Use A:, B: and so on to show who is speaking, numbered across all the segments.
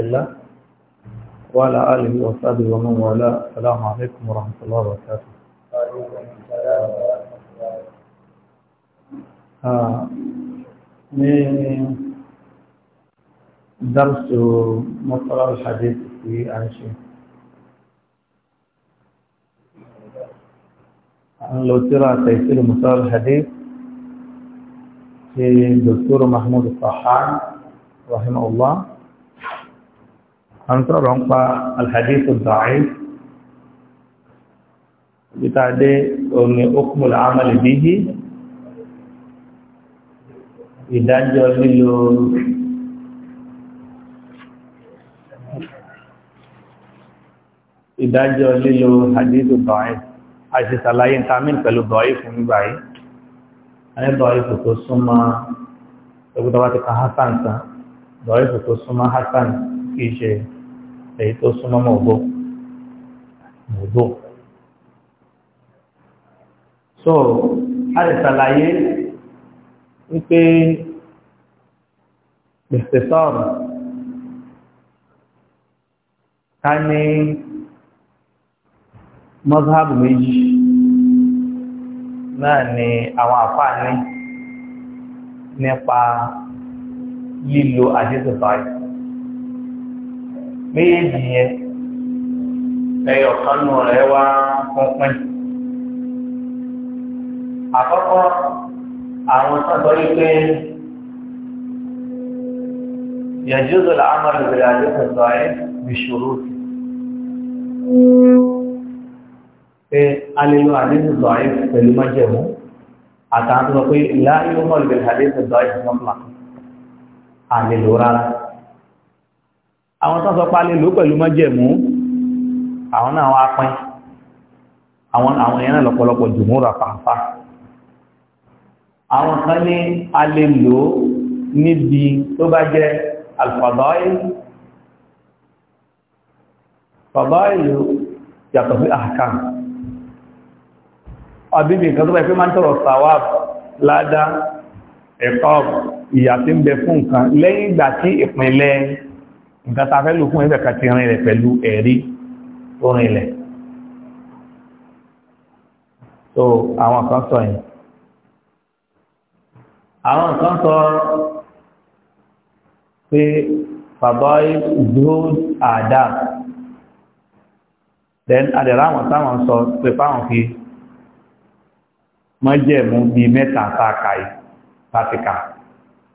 A: الله وعلى آله وصحبه ومن والاه السلام عليكم ورحمة الله وبركاته آه، من درس مطلع الحديث في عائشة لو ترى تيسير مطلع الحديث في الدكتور محمود الطحان رحمه الله à ń sọ̀rọ̀ ń pa alhadithu da'if bíta dé omi okùnmù làámàlì bíyí ìdájọ́ idan ìdájọ́ lílo hadithu da'if àti sàlàyé ntamin pẹ̀lú da'if fún nígbà yìí ẹni da'if tó súnmọ́ ẹgbẹ́ tó bá ti ka hasan tán da'if tó súnmọ́ hasan kì èyí tó súnmọ́ mọ̀gbó mọ̀gbó so a lè ṣàlàyé wípé gbèsè sọ̀rọ̀ ká ní mọ́sáàbù méjì náà ni àwọn àfáà ní nípa lílo àdéṣe báyìí méjì yẹn ẹyọ kanu rẹ wá pínpín àkọ́kọ́ àwọn sábà yìí pé يجوز العمل بالحديث الضعيف بشروط alelu hadith dhaif pẹ̀lú májẹ̀mú àtàwọn tó sọ pé láyé ó mọ̀ lè hadith dhaif mọ́tàlá àwọn tó sọ pálẹ̀ ló pẹ̀lú mọ́jẹ̀mú àwọn náà wá pín àwọn àwọn ẹ̀yẹn náà lọ́pọ̀lọpọ̀ jùmúra pàápàá àwọn kan ní a lè lò níbi tó bá jẹ́ alfàbáyé fàbáyé yàtọ̀ sí àkàn àbíbì nǹkan tó bá ẹ̀fẹ́ máa ń tọrọ sàwáp ládá ẹ̀kọ́ ìyà ń bẹ fún nǹkan lẹ́yìn ìgbà tí ìpínlẹ̀ nǹkan ta fẹ́ lò fún ẹ̀bẹ̀ kan ti rìn rẹ̀ pẹ̀lú ẹ̀rí tó rìn so àwọn kan sọ yẹn àwọn kan sọ pé bàbá ìdúró àdá then adẹ̀rọ àwọn táwọn sọ pé fáwọn fi mọ́jẹ̀mú bíi mẹ́ta tá a kà yìí tá a ti kà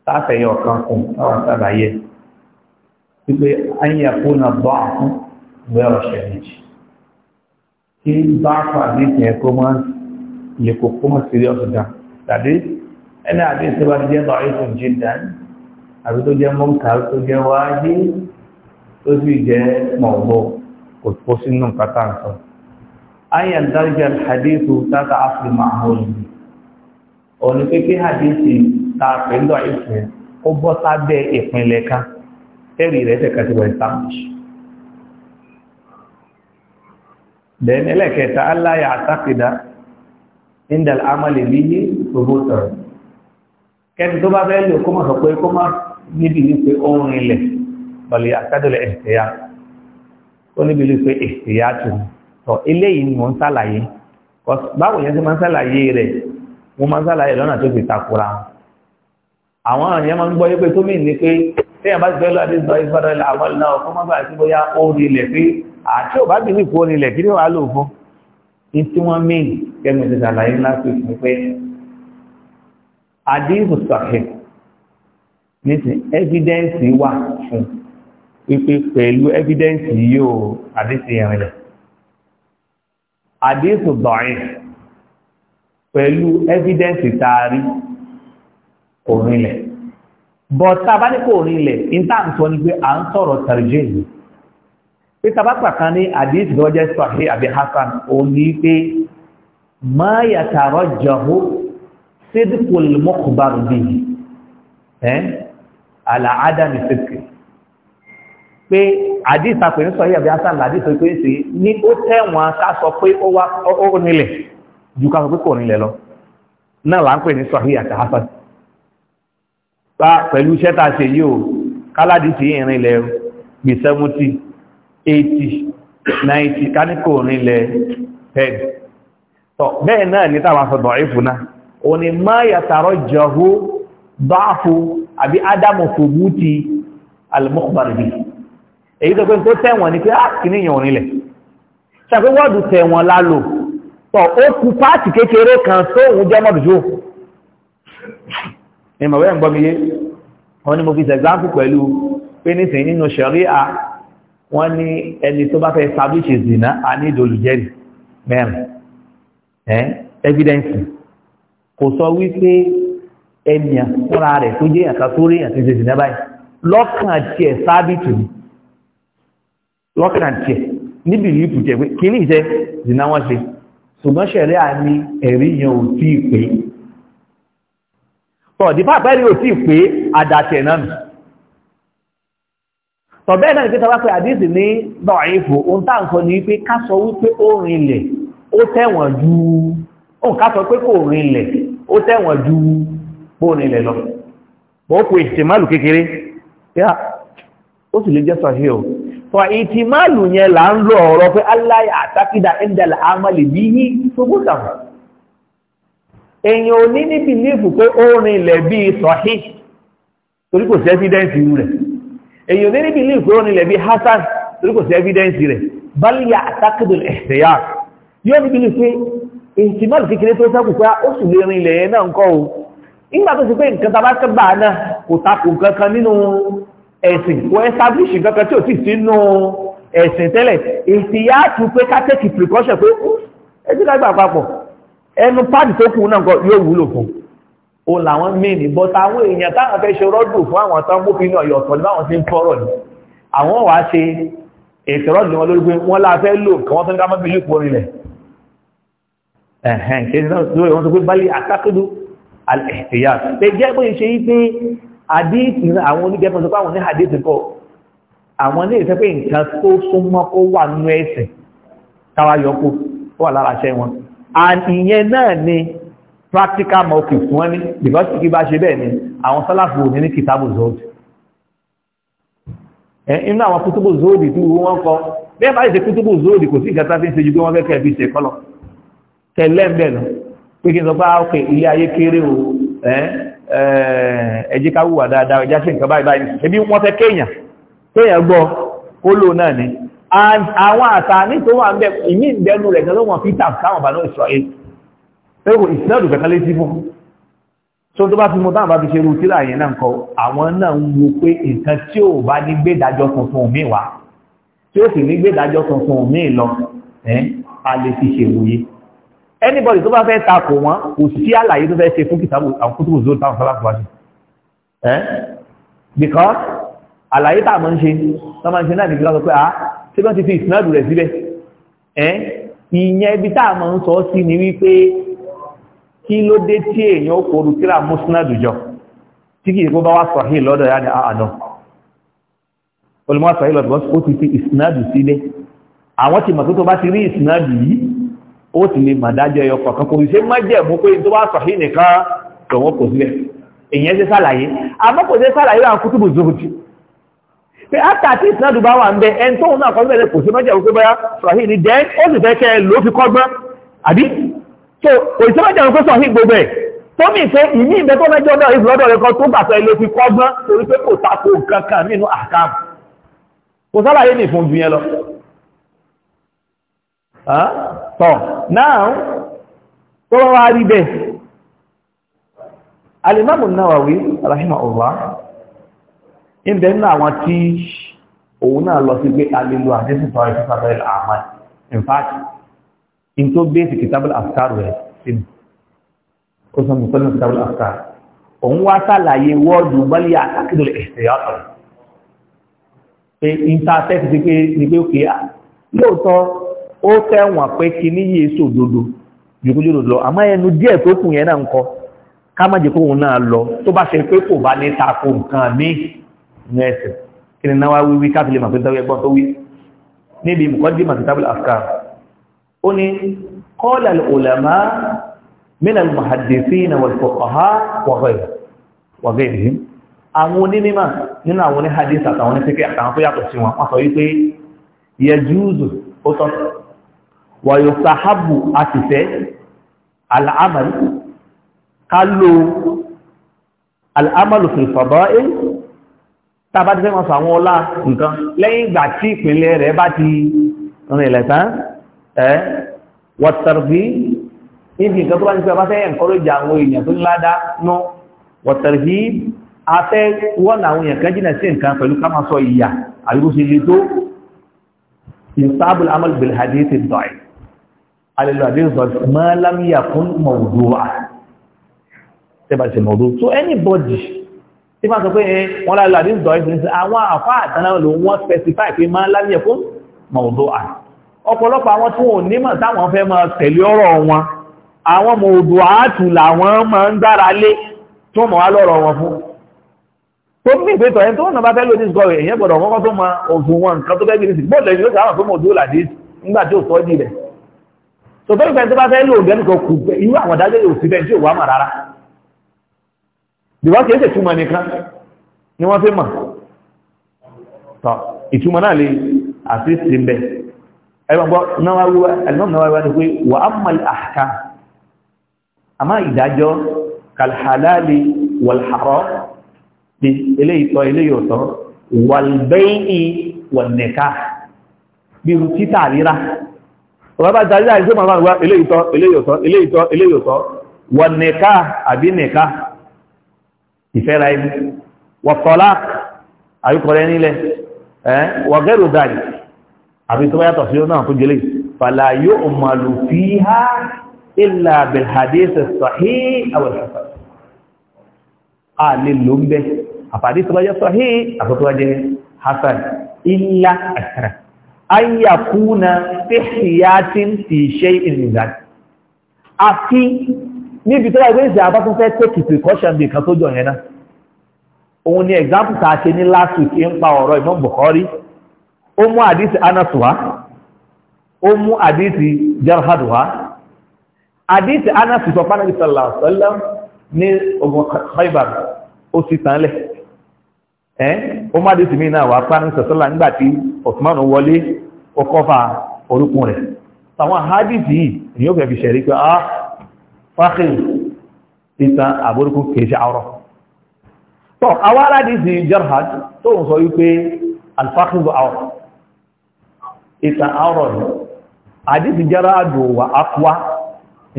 A: tá a fẹ̀yẹ ọ̀kan kù táwọn sábà yẹ. wípé ayẹ̀kúnà bá fún bẹ́rọ̀ ṣẹ̀lẹ̀jì kí bá fà ní ẹ̀kọ́ máa lè kò kó máa sírí ọ̀sùn dá tàbí ẹni àbí ìṣẹ́bá ti jẹ́ bàárí fún jìdán àbí tó jẹ́ mọ́ǹkà tó jẹ́ wáyé tó sì hadithu hadithi ta kan ẹ̀rí rẹ̀ tẹ̀ka sí wọ́n tábìlì then ẹlẹ́kẹta aláyà àtàkìdá indal amali líyé gbogbo tọ̀rọ̀ kẹ́ni tó bá fẹ́ lò kó má sọ pé kó má níbi ní pé ohun ilẹ̀ balẹ̀ àkádọ́lẹ̀ ẹ̀sẹ̀yà ó níbi ní pé ẹ̀sẹ̀yà tù tọ̀ eléyìí ni mò ń sàlàyé báwo yẹn ti máa ń sàlàyé rẹ̀ mo máa ń sàlàyé lọ́nà tó fi takura àwọn àyẹ̀ ń gbọ́ yé pé tó mìíràn ni pé tẹ́yàn bá ti fẹ́ lọ àdé sọ ìfọ́dọ̀ ilẹ̀ àwọn ìlànà ọ̀fún mọ́gbà sí bóyá orí ilẹ̀ pé àti ò bá ti ní ìkórí ilẹ̀ kí ní wàá lò fún ní tí wọ́n mìn kẹ́mi ti ṣàlàyé láti fún pé àdéhùn sọ̀hìn nísìn ẹ́fídẹ́ǹsì wà fún pípé pẹ̀lú ẹ́fídẹ́ǹsì yóò àdéhùn ìrìnlẹ̀ àdéhùn dọ̀rin pẹ̀lú ẹ́fídẹ́ǹsì taari orinlẹ̀ but tàbá ní kò rí ilẹ̀ ìntàǹtọ́ ni pé à ń sọ̀rọ̀ tàríjẹ́ yìí pé tàbá pàkan ní àdíjì tó jẹ́ sọ̀hí àbí hasan ó ní pé ma yatarajjahu sidqul mukhbar bihi ala adami sidqi pé àdíjì tàpẹ̀ ní sọ̀hí àbí hasan làdíjì tó pé sí ní ó tẹ̀wọ̀n ká sọ pé ó wá ó nílẹ̀ ju ká sọ pé kò nílẹ̀ lọ náà là ń pè ní sọ̀hí àti hasan pẹ̀lú iṣẹ́ tàà ṣe yíò káládì tí ìrìn ilẹ̀ gbì 70 80 90 káníkò rìn ilẹ̀ 10 tọ́ bẹ́ẹ̀ náà ní tàbà sọ dọ̀ ìfúnná o ni má yàtàrọ jọhú báfú àbí ádámù fògú ti alìmọ́kùbàrìbì èyí tó pé tó tẹ̀wọ̀n ni ah, ìmọ̀ wẹ́ ń gbọ́ mi yé wọ́n ní mo fi ṣẹ̀gbáǹpù pẹ̀lú pé nísìnyí nínú ṣẹ̀ríà wọ́n ní ẹni tó bá fẹ́ establish zina a ní ìdòlùjẹ́rì mẹ́rin ẹ́ evidence kò sọ wípé ẹnìyàn fúnra rẹ̀ tó jẹ́ àkà tó rí àti ṣe zina báyìí lọ́kàn tiẹ̀ sábìtì zina wọ́n ṣe ṣùgbọ́n ṣẹ̀ríà tọ̀dífà pẹ́rí ò tí pé àdàtẹ̀ náà nù tọ̀bẹ́ náà ní pé tọwá pé àdísì ní dọ̀ífù ohun tá ń sọ ní pé ká sọ wípé ó rinlẹ̀ ó tẹ̀wọ̀n ju ohun ká sọ pé kò rinlẹ̀ ó tẹ̀wọ̀n ju bó rinlẹ̀ lọ ó kò ìtìmálù kékeré yá ó sì lè jẹ́ sọ̀hí o fọ ìtìmálù yẹn là ń lọ ọ̀rọ̀ pé aláyà àtàkìdá ẹ̀ńdàlà àmàlè bí yí tó gbọ́dọ̀ èèyàn ò ní ní bìlíìfù pé ó rin ilẹ̀ bíi sọ̀hí torí kò sí ẹ́fídẹ́ǹsì irú rẹ̀ èèyàn ò ní ní bìlíìfù pé ó rin ilẹ̀ bíi hasan torí kò sí ẹ́fídẹ́ǹsì rẹ̀ báyà àtàkìdùn ẹ̀sẹ̀yà yóò ní bìlíìfù pé ìtìmọ́lù kékeré tó sẹ́kù pé ó sì lè rin ilẹ̀ yẹn náà ń kọ́ o nígbà tó ti pé nǹkan tàbá kẹ́gbà náà kò takò kankan nínú ẹ̀sìn kò establish kankan tí ò sì sínú ẹ̀sìn tẹ́lẹ̀ èsì yá tu pé ká tẹ́kì precaution pé ẹjọ́ ká gbà papọ̀ ẹnu páàdì tó kù náà yóò wúlò fún o làwọn mìíní bọ́ta àwọn èèyàn táwọn fẹ́ ṣe rọ́dù fún àwọn tán mú fi náà yọ̀tọ̀ ní báwọn sí ń fọ́rọ̀ ní àwọn wà ṣe ètò rọ́dù wọn lórí pé wọ́n láfẹ́ lò kí wọ́n tó ń dá mọ́bí lùpọ̀ rinlẹ̀ ẹ̀hẹ́n kí wọ́n tó pé bá lè àtàkùdù àìyá pé jẹ́ pé ṣe yí pé àdéhìtì àwọn onígẹ́fẹ́ sọ pé àwọn and ìyẹn náà ni practical mocking wọ́n ní because kí bá ṣe bẹ́ẹ̀ ni àwọn sálàfù ní ní kìtàbù zoodi inú àwọn kútùbù zoodi tí wọ́n kọ bẹ́ẹ̀ bá ṣe kútùbù zoodi kò sí ìgbàta fi ń ṣe jù pé wọ́n fẹ́ kẹ́ẹ̀bí ṣe kọ́lọ̀ tẹ̀lẹ́m̀bẹ̀ lọ pé kí n sọ pé ah, ok ilé ni àwọn àtàní tó wà ń bẹ ìmí ìbẹ̀nu rẹ̀ tẹ́lọ́ wọn peter sáwọn bàánú Israel ẹgbò ìsinádù kẹtàlé tí fún tó tó bá fi mọ́ táwọn bá fi ṣe rú tíra yẹn náà kọ àwọn náà ń wo pé nǹkan tí ò bá ní gbédájọ́ tuntun mi wá tí ó sì ní gbédájọ́ tuntun mi lọ a lè fi ṣe wòye anybody tó bá fẹ́ takò wọn kò sí àlàyé tó fẹ́ ṣe fún kìtàbù àwọn kútùbù zoro táwọn fọlá fún wa ṣe because àlàyé táwọn ń ṣe táwọn ń ṣe náà nìgbà sọ pé ah tí wọ́n ti fi ìsinádù rẹ̀ síbẹ̀ ẹ́ ìyẹn ibi tá a máa ń sọ sí ni wípé kí ló dé tí èèyàn ó kòrò tíra mọ́sánádù jọ tí kìí kó bá wá sọ̀hí lọ́dọ̀ yá ni àádọ́ olùmọ́ sọ̀hí lọ́dọ̀ ó ti fi ìsinádù sílẹ̀ àwọn ti mọ̀ tó tó bá ti rí ìsinádù yìí ó ti lè màdájọ́ ẹyọ kọ̀ọ̀kan pé àtàtì ìsinádù bá wà ń bẹ ẹni tóun náà kọ́ bẹ̀rẹ̀ kò sí mẹ́jẹ̀ wípé báyá sọ̀hìn ni dẹ́ ó sì fẹ́ kẹ́ ẹ ló fi kọ́gbọ́n àbí so kò sí mẹ́jẹ̀ wípé sọ̀hìn gbogbo ẹ̀ tó mì pé ìní ìbẹ́ tó mẹ́jọ náà ìfì lọ́dọ̀ rẹ̀ kan tó gbàtọ̀ ẹ ló fi kọ́gbọ́n torí pé kò tako kankan nínú àkàm kò sálàyé nì fún ju yẹn lọ tọ̀ náà tó wá rí bẹ́ẹ̀ Al-Imam An-Nawawi rahimahullah ìbẹ̀ nínú àwọn tí òun náà lọ sí pé alelu àdẹ́sìtọ́ ẹ̀fẹ́ sábẹ́lẹ̀ àmà in fact in tó bẹ́ẹ̀sì kìtàbílì àfikáàrù rẹ̀ sínú ó sọ mùsọ́ nínú kìtàbílì àfikáàrù òun wá sàlàyé wọ́ọ̀dù bọ́lí àtàkìdò ẹ̀sẹ̀yàtọ̀ pé intercept ti pé ní pé òkè lóòótọ́ ó tẹ̀wọ̀n pé kí ní yìí èso òdodo jùkújùrò lọ àmọ́ ẹnu díẹ̀ tó kù yẹn náà ní ẹ̀sẹ̀ kí ni náwà wíwí káàkiri màá fi dáwọ́ ẹgbọ́n tó wí níbi mọ̀kọ́dí màtítàbí afka ó ní kọ́lá olàmá mínà mọ̀hàdìsí na wàlfọ̀kọ̀há wàgbẹ̀rẹ̀ àwọn onímọ̀ nínú àwọn oníhadis àtàwọn onífẹ́kẹ́ àtàwọn tó yàtọ̀ sí wọn wọ́n sọ wípé tàbá ti fẹ́ mọ́ sàwọn ọlá nǹkan lẹ́yìn ìgbà tí ìpínlẹ̀ rẹ̀ bá ti rìn lẹ̀tán ẹ́ wọ̀tàrfí níbi nǹkan tó bá ti fẹ́ bá fẹ́ ẹ̀kọ́lójà àwọn èèyàn tó ládá nú wọ̀tàrfí afẹ́ wọ́n àwọn èèyàn kan jìnà sí nǹkan pẹ̀lú ká máa sọ ìyà àríkúsí ilé tó ìsáàbùl so anybody tí máa sọ pé eh, wọ́n lálọ́ àdí ìdọ̀ ìfìdí àwọn àfá àtàná ló wọ́n specify pé máa láyé fún mọ̀ọ̀dọ́ à ọ̀pọ̀lọpọ̀ àwọn tí wọ́n ní mọ̀ táwọn fẹ́ máa tẹ̀lé ọ̀rọ̀ wọn àwọn mọ̀ọ̀dọ̀ àátù làwọn máa ń dára lé tó mọ̀ wá lọ́rọ̀ wọn fún tó ní ìpẹ́tọ̀ ẹni tó wọ́n bá fẹ́ lóní sọ́rọ̀ èyàn gbọ́dọ̀ kọ́kọ́ tó mọ òfin wọn nǹkan tó fẹ́ bí nísì bóòlù ẹni ó sáwọn fún mọ̀ọ̀dọ̀ làdí nígbà bí wá kìí ṣe túmọ̀ nìkan ni wọ́n fi mọ̀ tọ́ ìtumọ̀ náà lè àti sí ń bẹ ẹgbàgbọ́ náwàwíwá ni pé wà á mọ̀ àkà àmá ìdájọ́ kàlhàláàlì wàlhàrọ́ bí eléyìí tọ́ eléyìí ọ̀tọ̀ wàlbẹ́yì wàlnẹ̀ká bí irú títà ríra ọ̀rọ̀ bá darí láì sí màmá ìwá eléyìí tọ́ eléyìí ọ̀tọ̀ eléyìí ọ̀tọ̀ wàlnẹ̀ká àbí nẹ̀ká ìfẹ́ra ẹni wọ̀tọ́lá àríkọrẹ nílẹ̀ wọ̀gẹ́rù dáì àfi tó yàtọ̀ sí náà tó jẹ́lé fàlà yóò màlù fi ha ilà bẹ̀hàdẹ́sẹ̀ sọ̀hí àwẹ̀sọ̀sọ̀ a lè ló ń bẹ́ àfàdé tó bá jẹ́ sọ̀hí àfẹ́tọ́ bá níbi tó wáyé ìṣẹ́ àbátún fẹ́ take precaution bí nǹkan tó jọ yẹn náà òun ni example tá ṣe ní last week ń pa ọ̀rọ̀ Imam Bukhari ó mú àdísì Anas wá ó mú àdísì Jarhad wá àdísì Anas sọ pánàbí sallallahu alaihi wasallam ní ogun Khaybar ó sì tán lẹ̀ ẹ́ ó má àdísì mi náà wá pánàbí sọ̀sọ́lá nígbà tí Osman wọlé ó kọ́fà orúkún rẹ̀ àwọn àdísì yìí ni ó fẹ́ fi ṣẹ̀rí pé ah fákìlì ìtàn àbórúkú kìí ṣe àwọ́rọ̀ tó àwọn aládìsí jarhad tó ń sọ wípé alfákìlì àwọ́rọ̀ ìtàn àwọ́rọ̀ ni àdìsí jarhad wà akwa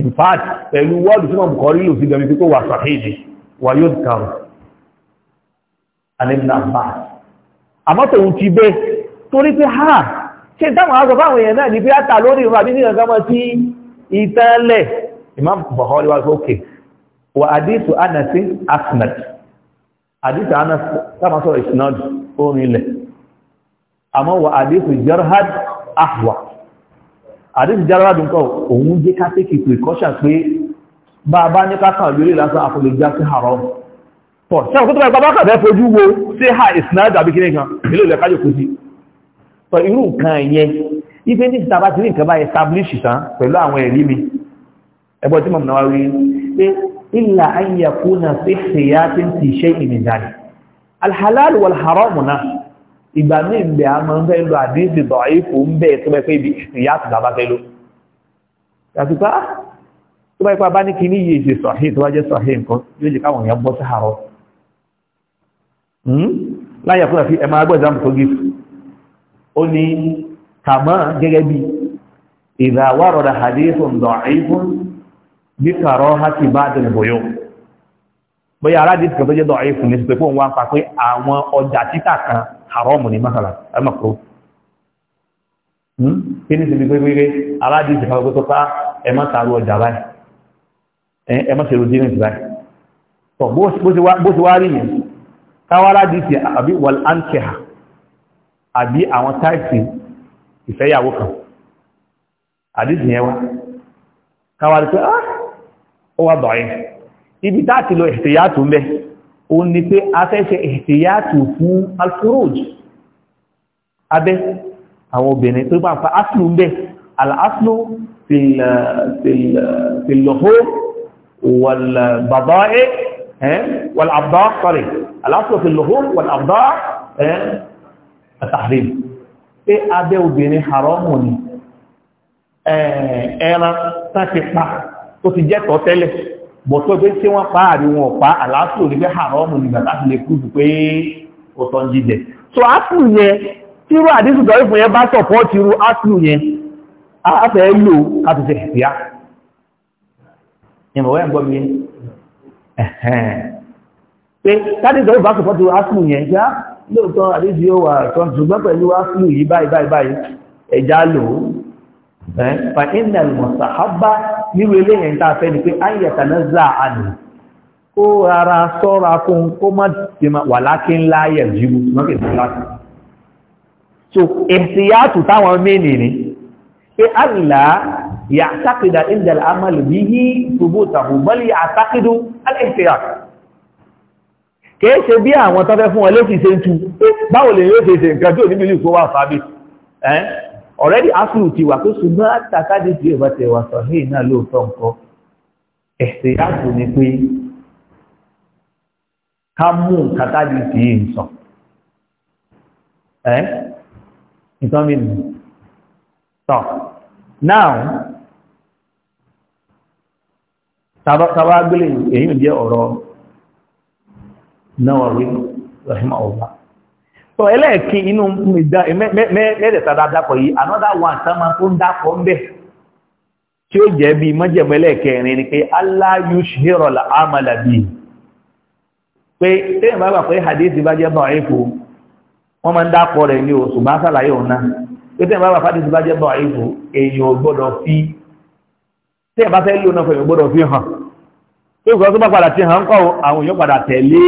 A: in fact pẹ̀lú wọ́ọ̀dù tí wọ́n bù kọrí lò sí gẹ̀mí tó wà sàhídì wà yóò kàrù ìtẹ́lẹ̀ Imam Bukhari was okay. Wa hadithu Anas Ahmad. Hadithu Anas kama sọ isnad orin le. Àmọ́ wa hadithu Jarhad ahwa. Hadithu Jarhad ńkọ́ ohun jẹ́ ká take precaution pé bá bá ní ká kan lórí lásán afun lè já sí haram. To se ko to bá bá ka be fojú wo se ha isnad àbí kini kan. Ile le ka jo kusi. To irú nǹkan yẹn. Ife ni tá bá ti rí nǹkan establish tán pẹ̀lú àwọn ẹ̀rí mi ẹgbọ́n tí mọ̀mù náà rí pé ilà ayé kúnà sí ṣèyá tí ń ti ṣe ìmìdánì alhalal wal haram náà ìgbà míì bẹ̀ a máa ń fẹ́ lo àdínsì tọ̀ àìfò ń bẹ̀ tó bẹ́ pé ibi ìyá àti bàbá fẹ́ ló yàtọ̀ pé ah, tó bá ipa bá ní kíní yìí ṣe sọ̀hìn tó bá jẹ́ sọ̀hìn nǹkan yóò jẹ́ káwọn èèyàn bọ́ sí àárọ̀ hmm? láyé kúnà sí ẹ máa gbọ́ ìdáàmú tó gí ó ní kàmọ́ gẹ́gẹ́ bí ìdàwárọ̀dà hadithun da'ifun bí kàrọ hátì bá dẹ̀lẹ̀ bòyó bóyá aládìsí kan tó jẹ́ dọ̀ọ̀yí fún ní sí pé fún wọn pa pé àwọn ọjà títà kan haram ní masala ẹmọ̀kúrò hmm? kí ní síbi pépéré aládìsí kan tó pa ẹmọ́ tààrù ọjà báyìí ẹmọ́ ṣe rojú nìtì báyìí bó ti wá rí yẹn káwá aládìsí àbí wàl ánkìá àbí àwọn táìsì ìfẹ́yàwó kan àdìsí yẹn wá káwá rí pé ah, ó wà dọ̀yìn ibi táàtì lọ ìhtìyàtù mẹ́ o ní pé a fẹ́ ṣe ìhtìyàtù fún alfuruj abẹ́ àwọn obìnrin tó pàpá aslu mẹ́ al'aslu fìlọ̀hó wàlbàbáẹ́ wàlàbdá kọrì al'aslu fìlọ̀hó wàlàbdá àtàrí pé abẹ́ obìnrin haramu ni ẹ̀ẹ̀ran tàti pa tó ti jẹ́ tọ́ tẹ́lẹ̀ bọ̀tọ́ pé tí wọ́n pa àrí wọn pa àlàáfíò ní pé haramu nígbà láti lè kúrù pé ó jíjẹ so ápù yẹn tí irú àdísù tọ́rí fún yẹn bá sọ̀pọ̀ ti irú ápù yẹn afẹ́ lò láti ṣe ẹ̀fíà ìmọ̀wé ẹ̀gbọ́n mi pé tádé tọ́rí bá sọ̀pọ̀ ti irú ápù yẹn já lóòótọ́ àdísù yóò wà tọ́ ṣùgbọ́n fa inna al-mustahabba nírú eléyìn tá a fẹ́ ni pé ayẹ̀tà náà zà á nì kó rárá sọ́ra fún kó má ti wà lákín láyẹ̀ jíru mọ́kè tó láti so ihtiyatu táwọn mẹ́ni ni pé àlá yàtàkìdà inda al-amal bihi thubutahu bal yàtàkìdù al-ihtiyat kìí ṣe bí àwọn tọ́fẹ́ fún ọ lé already asùlù ti wà tó ṣùgbọ́n àtàkàdé tí ìbá tẹ̀ wà sọ ní ìná lóòótọ́ nǹkan ẹ̀sẹ̀ yàtọ̀ ni pé ká mú nǹkan sọ ẹ́ now tàbá gbélé èyí ò jẹ́ ọ̀rọ̀ náà rí rahimahullah so ẹlẹ́ẹ̀kí inú mẹ́rẹ̀ta dákọ̀ yìí another one sánmà tó ń dákọ̀ ń bẹ̀ tí ó jẹ́ bí mọ́jẹ̀mọ́ ẹlẹ́ẹ̀kẹrin ni pé Allah yushiro la amala bi pé tẹ́yìn bá gbà pé hadith bá jẹ́ bọ̀ ẹ̀fọ́ wọ́n máa ń dákọ̀ rẹ̀ ní oṣù bá sàlàyé fi tẹ́yìn bá fẹ́ lò fi hàn pé ìgbà tó bá padà ti hàn kọ́ àwọn èèyàn padà tẹ̀lé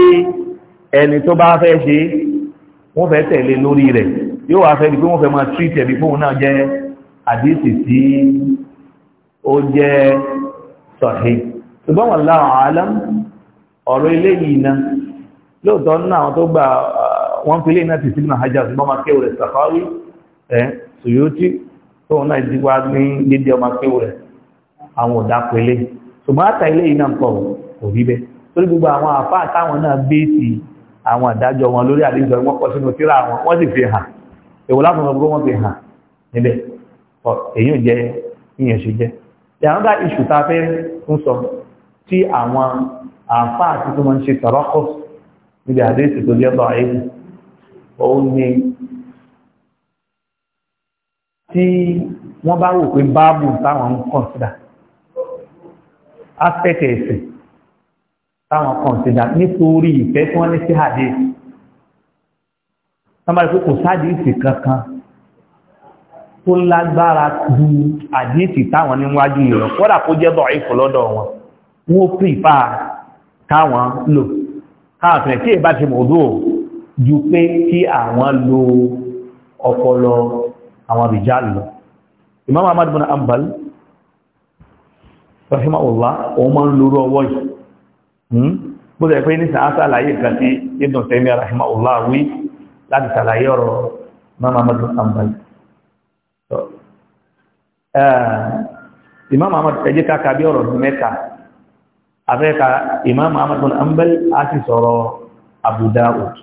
A: ẹni tó bá fẹ́ ṣe wọ́n fẹ́ tẹ̀lé lórí rẹ̀ yóò wá fẹ́ di pé wọ́n fẹ́ máa treat ẹ̀bí fóun náà jẹ́ àdísì tí ó jẹ́ sahih ṣùgbọ́n wallahu alam ọ̀rọ̀ eléyìí náà lóòótọ́ náà àwọn tó gbà uh, wọ́n fi léyìn náà ti sílùmọ̀ hajj àwọn àdájọ́ wọn lórí àdíjọ wọn kọ́ sínú tíra wọn wọ́n sì fi hàn èwo látọ̀ ọgbọ́n wọn fi hàn níbẹ̀ èyàn jẹ́ ìyẹn ṣe jẹ́ ìyàwó iṣu ta fẹ́ ń sọ tí àwọn àfá àti tó máa ń ṣe tọ̀rọ́kọ̀ níbi àdéhìsì tó jẹ́ bọ̀ ayé òun ni tí wọ́n bá wò pé báàbù táwọn ń kọ̀ǹsìdà aspect ẹ̀sìn táwọn kan ti dà nítorí ìfẹ́ tí wọ́n ní sí àdé sábàá pé kò sáàdì ìsì kankan tó lágbára ju àdíìsì táwọn níwájú ìrọ̀ kọ́dà kó jẹ́ bọ̀ ìfò lọ́dọ̀ wọn wọ́n pìfà káwọn lò káàkiri tí ìbá ti mọ̀dó ju pé kí àwọn lo ọpọlọ àwọn àbìjá lọ Imam Ahmad bin Ambal rahimahullah òun máa ń lóró ọwọ́ yìí Hmm? bó ṣe pé ní sàásàlàyé nǹkan tí ibn tẹ́mí arahima ọláwí láti sàlàyé ọ̀rọ̀ mama amadu imam amadu ẹjẹ́ káka bí ọ̀rọ̀ mẹ́ta afẹ́ka imam amadu ambali a ti sọ̀rọ̀ abu daud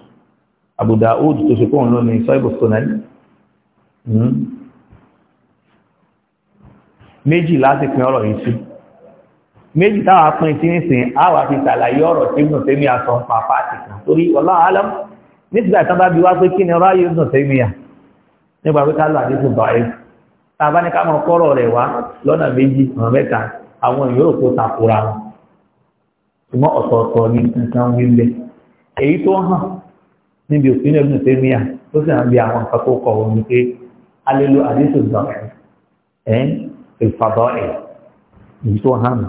A: abu daud tó ṣe kóhùn lónìí sọ́ìbù sonali hmm? méjì láti pin ọ̀rọ̀ yìí sí méjì táwà pín tí nísìn àwà fi tàlàyé ọ̀rọ̀ tí Ibn Taymiyyah sọ pàpá àti kan torí wallahu alam nígbà tán bá bí wá pé kí ni ráyé Ibn Taymiyyah nígbà pé kálọ̀ àdínkù báyìí tàbá ní ká mọ kọ́rọ̀ rẹ̀ wá lọ́nà méjì ọ̀nà mẹ́ta àwọn yóò kó takora wọn ṣùgbọ́n ọ̀tọ̀ọ̀tọ̀ ni nǹkan wí lẹ̀ èyí tó hàn níbi òfin Ibn Taymiyyah tó sì hàn bí àwọn nǹkan tó kọ̀ wọn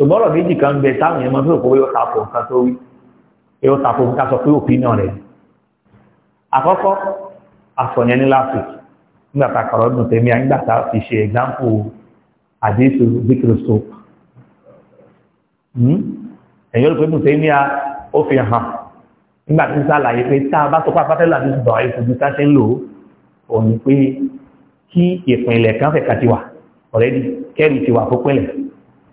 A: ṣùgbọ́rọ̀ méjì kan bẹ táwọn èèyàn máa fi òkú yóò tapò nǹkan tó wí yóò tapò nǹkan sọ pé opinion rẹ̀ àkọ́kọ́ àsọ̀yẹn ní last week nígbà tá a kọ̀rọ̀ dùn tẹ̀mí à nígbà tá a fi ṣe example àdéhùn zikiri soap hmm? ẹ̀yìn olùkọ́ dùn tẹ̀mí à ó fi hàn nígbà tí ń sàlàyé pé tá a bá sọ pé apátẹ́lá ti dùn àyè fojú tá ń lò ó òní pé kí ìpínlẹ̀ kan fẹ̀ka ti wà ọ̀rẹ́dì kẹ́rù ti wà fún pínlẹ̀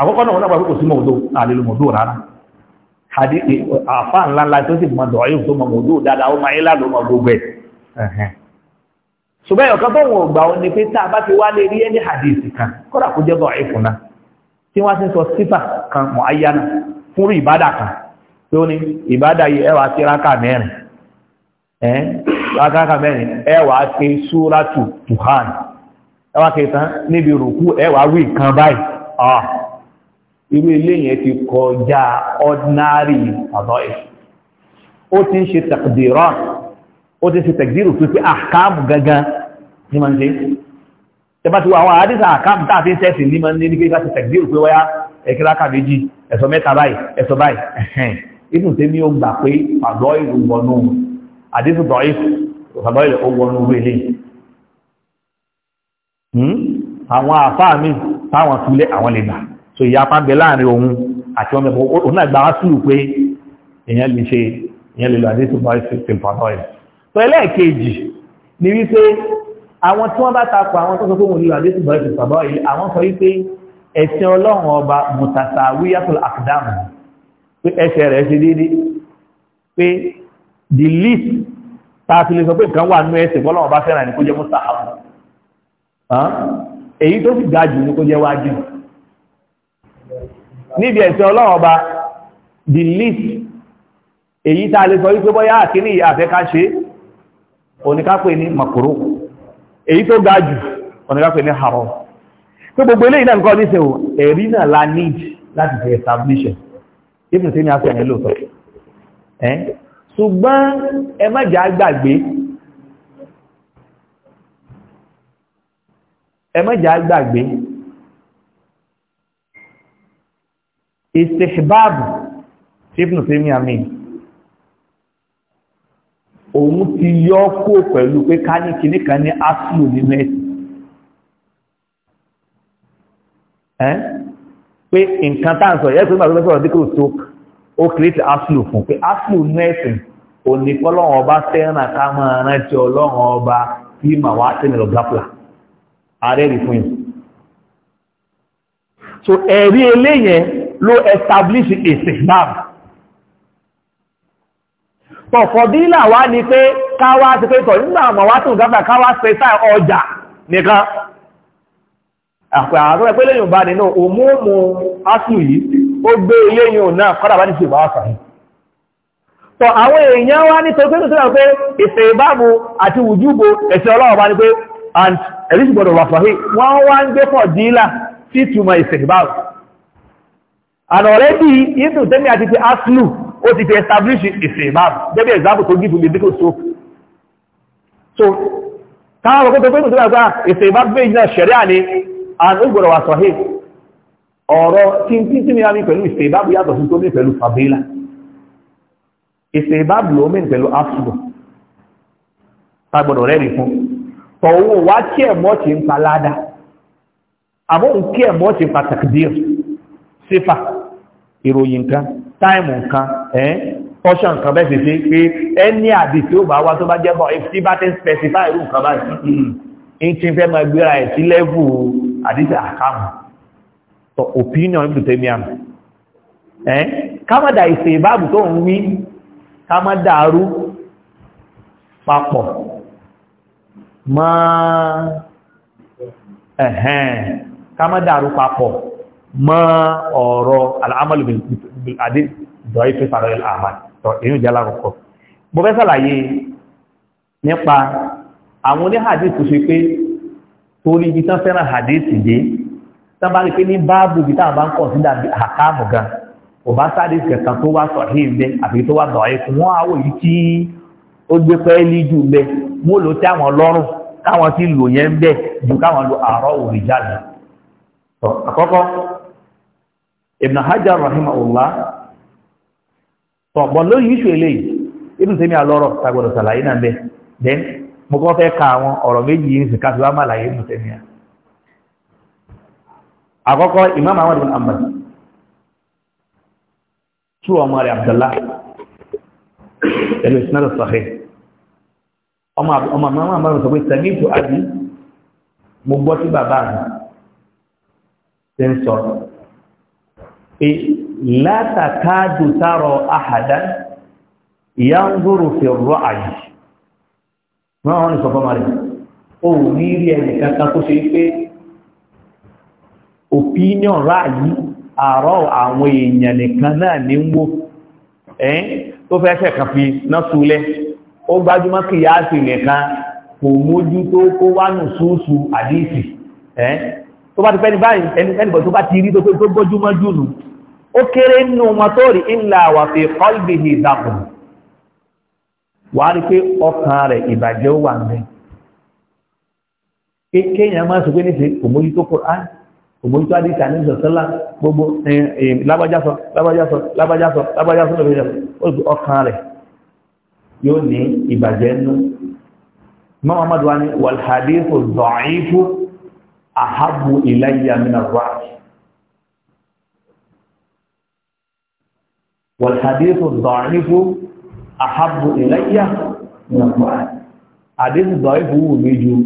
A: àkọ́kọ́ náà wọ́n náà pàtàkì kò sí mọ̀ọ́dó àlelò mọ̀ọ́dó rárá àdìpé eh, àfa ńlá ńlá tó sì mọ̀ọ́dó ayé tó mọ̀ọ́dó dáadáa ó máa yé lálọ́ mọ̀ gbogbo ẹ̀ ṣùgbọ́n ọ̀kan tó wọn gbà wọn ni pé tá a bá ti wá lè rí ẹni àdìsí kan kọ́dà kó jẹ́ bọ̀ ẹ̀fọ́ náà tí wọ́n ti sọ sífà kan mọ̀ ayáná fún ìbádà kan tó ní ìbádà yìí ẹwà sí rákà mẹ́rin ẹ́ rákà mẹ́rin ẹwà sí súrátù tuhan ẹwà kẹta níbi rùkú ẹwà wí kan báyìí ah irú ilé yẹn ti kọjá ordinary fàdọ́ì ó ti ń ṣe tàkdìrọ́ ó ti ṣe tàkdìrù tó fi àkáàmù gangan ní ma ń ṣe tẹbá ti wà àwọn àádìsà àkáàmù tàà fi ń sẹ́sì ní ma ń ní nígbà ti tàkdìrù pé wáyá ẹ̀kíláka méjì ẹ̀sọ mẹ́ta báyìí ẹ̀sọ báyìí inú tèmi ó gbà pé fàdọ́ì ló wọnú àdìsù dọ̀ì fàdọ́ì ló wọnú wẹ̀lẹ̀ hmm? àwọn àfáà mi táwọn túlẹ̀ àwọn lè gbà so ìyapa bẹ láàrin òun àti ọmọ ẹ̀kọ́ òun náà gbára sílù pé èyàn lè ṣe èyàn lè lọ àdé tó bá ṣèpàdọ́ẹ̀ so ẹlẹ́ẹ̀kejì ni wípé àwọn tí wọ́n bá takọ àwọn tó sọ pé wọ́n lè lọ àdé tó bá ṣèpàdọ́ẹ̀ àwọn sọ wípé ẹ̀sìn ọlọ́run ọba mùtàtà wíyàtọ̀ àkàdàmù pé ẹsẹ̀ rẹ̀ ṣe déédé pé the least ta fi lè sọ pé nǹkan wà nú ẹsẹ̀ bọ́lọ́run ọba fẹ́ràn ní kó jẹ́ mùtàhàmù èyí tó sì ga jù ní kó jẹ́ wájú níbi ẹ̀sìn ọlọ́run ọba the least èyí tá a lè sọ wípé bọ́yá àkíní àfẹ́ká ṣe oníkápẹ́ ní makoro èyí tó ga jù oníkápẹ́ ní haro. pé gbogbo ilé ìdá nǹkan níṣẹ́ o ẹ̀rí náà la need láti fi establish ẹ̀ ibùn tí ni a fẹ̀yẹ̀ lóòtọ́ ẹ́ ṣùgbọ́n ẹ má jà gbàgbé ẹ má jà gbàgbé istihbab ibn tèmíà mi òun ti yọ kó pẹ̀lú pé ká ní kìíní kan ní aslu nínú ẹ̀sìn ẹ́ pé nǹkan tá yẹ́ o màá lọ́sọ̀rọ̀ díkò stroke ó create aslu fún pé ọba fẹ́ràn ká máa rántí ọba wá tẹ́lẹ̀ lọ ààrẹ rí Lo establish istihbab tọ̀fọ̀dílà wá ní pé káwá ti pé tọ̀ nígbà àmọ̀ wá tún gáfà ọjà nìkan àpẹ àwọn ẹgbẹ́ lẹ́yìn bá nínú òmúùmù asù yìí ó gbé ilé yìí náà kọ́dà bá ní ṣe bá sàrí tọ̀ àwọn èèyàn wá ní tọ́gbẹ́rún tó pé ìfẹ́ ìbámu àti ati wujubo and ẹ̀rí ṣùgbọ́dọ̀ and already yíò tẹ́mí àti ti aslu ó ti fi establish ìfèmàm gẹ́gẹ́ example tó gífù lè díkò so so táwọn ọkọ̀ tó pẹ́lú tó wà ìfèmàm bẹ́ ìjìnà ṣẹ̀ríà ni and ó gbọ́rọ̀ wà sọ̀hí ọ̀rọ̀ tí n tí mi àmì pẹ̀lú ìfèmàm yàtọ̀ sí tó ní pẹ̀lú fabela ìfèmàm ló mí pẹ̀lú aslu tagbọ̀dọ̀ rẹ̀ rí fún tọ̀wọ́ wá kí ẹ̀mọ́ ti ń palada àmọ́ ń kí ẹ̀mọ́ ti pa takdir ìròyìn nǹkan táìmù nǹkan ẹ́ ọ̀ṣọ́ nǹkan bẹ́ẹ̀ sì sí pé ẹni àdì tí ó bá wá tó bá jẹ́ bọ́ tí bá ti ń specify irú nǹkan báyìí ń tí fẹ́ máa gbéra ẹ̀ sí lẹ́vù àdìsí àkàmù so opinion ibi tó mi àmì ẹ́ kámọ́dà ìsè ìbáàbù tó ń wí kámọ́dà arú papọ̀ máa Ma ọ̀rọ̀ al'amalu bil hadith dọ̀í fi sàrọ̀ ilẹ̀ àmà tọ̀ èyí jẹ́ alákọ̀ọ́kọ́ mo fẹ́ sàlàyé nípa àwọn oní hadith tó ṣe pé torí ibi tán fẹ́ràn hadith dé tán bá rí pé ní báàbù ibi táwọn bá ń kọ̀ sí dàbí àkáàmù gan kò bá sáré kẹ̀kan tó wá sọ̀hí ìbẹ́ àbí tó wá dọ̀í fún wọn àwọ̀ yìí tí ó gbé pẹ́ẹ́lí jù bẹ́ mo lò tí àwọn lọ́rùn káwọn ti lò yẹn bẹ́ ju káwọn lo àárọ̀ òrìjà ibn hajar rahimahullah ọ̀pọ̀ lóyìn ìṣù eléyìí ibùn tèmi àlọ́rọ̀ tagbọ̀dọ̀ sàlàyé náà bẹ́ then mo kọ́ fẹ́ ka àwọn ọ̀rọ̀ méjì yìí sì káfíwá máa láyé ibùn tèmi à àkọ́kọ́ imam ahmad bin ahmad tú ọmọ rẹ̀ abdullah pẹ̀lú ìsinadọ̀ sọ̀hẹ́ ọmọ ọmọ ọmọ ọmọ sọ pé sẹ́mi tó adi mo gbọ́ sí bàbá mi ṣe Ee, látàkádù tààrọ àhàdá ya ń fi rọ àyè wọ́n wọ́n ní sọ o ò ní rí ẹnì kankan tó ṣe pé opinion ráàyí àárọ̀ àwọn èèyàn nìkan náà ní ń kan fi náà súlẹ̀ ó gbájúmọ́ kì yá sí nìkan ti ó kéré nínú wọn tó rí ìlà wà fi qalbihi dàkùn wà á rí pé ọkàn rẹ̀ ìbàjẹ́ wà ní kéèyàn máa sọ pé ní ṣe kò mójútó Qur'an kò mójútó àdìsí àníṣọ sọlá gbogbo lábájásọ lábájásọ lábájásọ lábájásọ lábájásọ ọkàn rẹ̀ yóò ní ìbàjẹ́ nú mọ́mọ́mọ́dúwá ní wàlhàdífò dọ̀ọ̀ífò àhábù ìlàyà mìíràn والحديث الضعيف أحب إلي من القرآن حديث الضعيف هو ميجو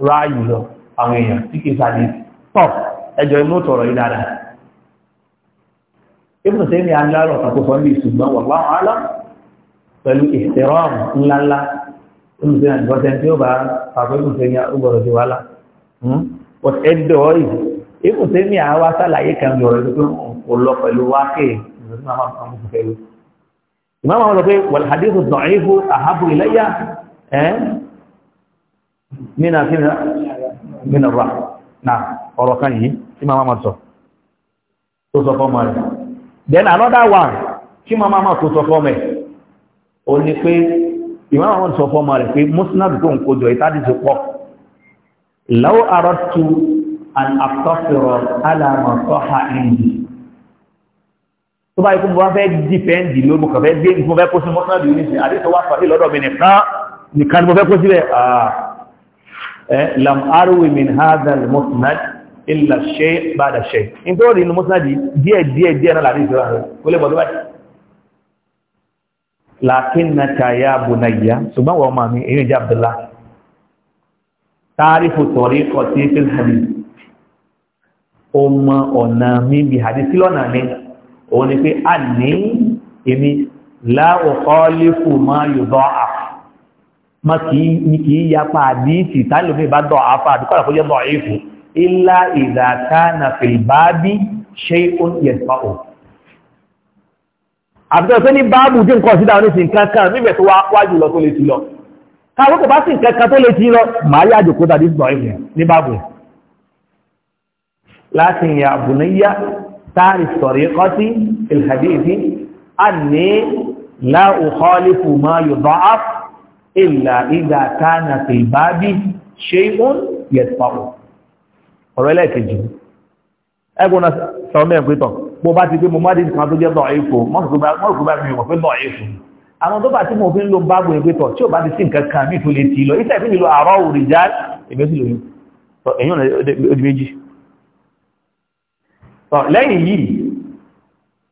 A: راي لو àwọn èèyàn tí kìí sáàdì pọ̀ ẹjọ́ inú tọ̀rọ̀ yìí dáadáa ibùdó sẹ́mi aláàrọ̀ kàkó sọ ní ìṣùgbọ́n wà láwọn alá pẹ̀lú ìṣẹ̀rọ̀m ńláńlá ibùdó sẹ́mi àdìbọ́sẹ̀ tí ó bá pàtó ibùdó sẹ́mi ọgbọ̀rọ̀ ti wálá but ẹjọ́ yìí ibùdó sẹ́mi àwa sálàyé kan yọ̀rọ̀ pé kò lọ pẹ̀lú wákèé ìmáàmù àwọn ọ̀pẹ́ wàlhàdíhù dọ̀íhù àhábù iléyà ẹ́ nínà fínà nínà rà náà ọ̀rọ̀ kan yìí tí máa máa sọ tó sọ then another one tí máa máa tó Only fọ́mọ ẹ̀ ó ní pé ìmáàmù àwọn sọ fọ́mọ rẹ̀ pé musnad tó ń kojọ ìtàdí ti pọ̀ law aradtu an aqtasira ala ma saha indi tó bá ikú mo bá fẹ́ dìpẹ́ndì lórí mo kàn fẹ́ gbé mo fẹ́ kó sí mọ́tò náà lórí ìsìn àdéhùn wà pàdé lọ́dọ̀ mi nìkan nìkan ni mo fẹ́ kó síbẹ̀ lam arwi min hadha al-musnad illa ba'da shay in tó rí inú musnad díẹ̀ díẹ̀ díẹ̀ náà láti ìṣòro rẹ̀ kó lè bọ̀dọ̀ báyìí lakin na kaya bunayya ṣùgbọ́n wọ́n máa mi èyí jẹ́ abdullah taarifu tariqati fil hadith ó mọ ọ̀nà mi bí hadith lọ́nà mi òun ni pé a ní èmi láòkọ́lẹ́fù máa yọ̀dọ̀ àf ma kìí kìí yapa àdíìtì tálòmí bá dọ̀ àfà àdúkọ́lá fó yẹ́ dọ̀ èfù ilá ìdàká na fìlbábí ṣe ó yẹ̀fà ò àbúkọ́ tó ní báàbù jí nǹkan sídá oníṣì nǹkan kan níbẹ̀ tó wájú lọ tó lè ti lọ káwọn bá sì nǹkan tó lè ti lọ màá yá àjòkó tàbí dọ̀ èfù ní báàbù تعرف طريقتي في الحديث أني لا أخالف ما يضعف إلا إذا كان في الباب شيء يدفعه ọ̀rọ̀ ẹlẹ́ẹ̀kejì ẹgbọ́n náà sọ̀rọ̀ mẹ́rin pẹ́tọ̀ bó bá ti pé mo mádìí kan tó jẹ́ dọ̀ èfò mọ́sùkú bá mi wọ̀ pé dọ̀ èfò àwọn tó bá tí mo fi ń lo báàbù ní pẹ́tọ̀ tí ò bá ti lọ ìtẹ̀ fi lẹ́yìn yìí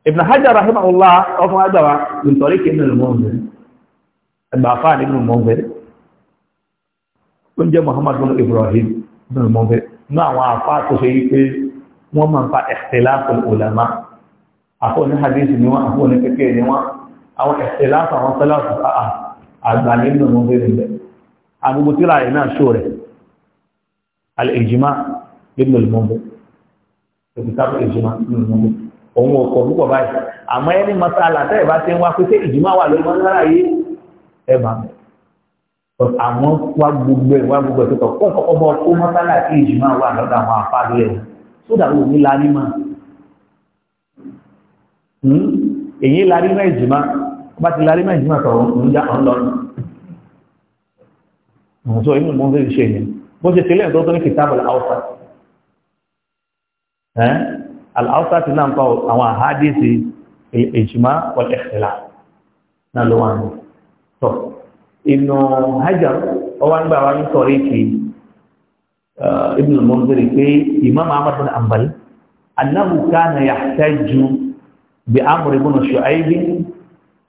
A: ibn hajjar rahimahullah ọkùn agbára nítorí kí ibn al-munzir ẹgbà fáà ibn al-munzir ó ń jẹ́ muhammad bin ibrahim ibn al-munzir ní àwọn àfáà tó ṣe pé wọ́n máa ń fa ikhtilaf al-ulama àfọ́ ní hadith ni wọ́n àfọ́ ní kékeré ni wọ́n ibn al-munzir òbí sábà ìjùmọ̀ òun ò kọ̀ púpọ̀ báyìí àmọ́ ẹni masala tẹ́ ẹ̀ bá ti ń wá pé ìjùmọ̀ wà lórí mọ́sára yìí ẹ bá mi àmọ́ wá gbogbo ẹ̀ wá gbogbo ẹ̀ tó kọ̀ kọ́ kọ́kọ́ bọ́ kó mọ́sára tí ìjùmọ̀ wà lọ́dọ̀ àwọn àfáàrí ẹ̀ sódà wo ní larí mọ́ hmm? èyí larí mọ́ ìjùmọ̀ bá ti larí mọ́ ìjùmọ̀ sọ̀rọ̀ ń já ọ̀n lọ́nà ọ̀sọ̀ inú mọ́ aláwọ́sá ti náà kọ́ àwọn àhádìsì ìjìmá wọ́lẹ̀ṣẹ̀lá náà ló wà ní tọ́ inú Hajar ọwá ń gbà wá ní sọ̀rí kí Ibn al-Munziri pé Imam Ahmad bin Hanbal annahu kana yahtaju bi Amr ibn Shu'ayb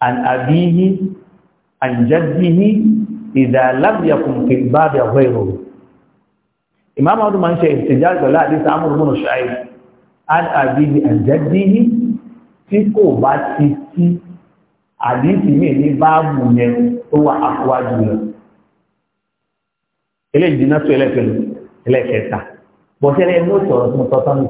A: an abihi an jaddihi Imam Ahmad man shay ihtijaj la hadith Amr ibn Shu'ayb an àbíbi ẹ̀jẹ̀díhì tí kò bá ti sí àdíìsì mi ní báàbù yẹn tó wà àkọwájú rẹ̀. eléyìí jìnnà tó ẹlẹ́kẹ̀lú ẹlẹ́kẹta bọ́sẹ̀lẹ̀ ẹni ó sọ̀rọ̀ fún tọ́tán nù.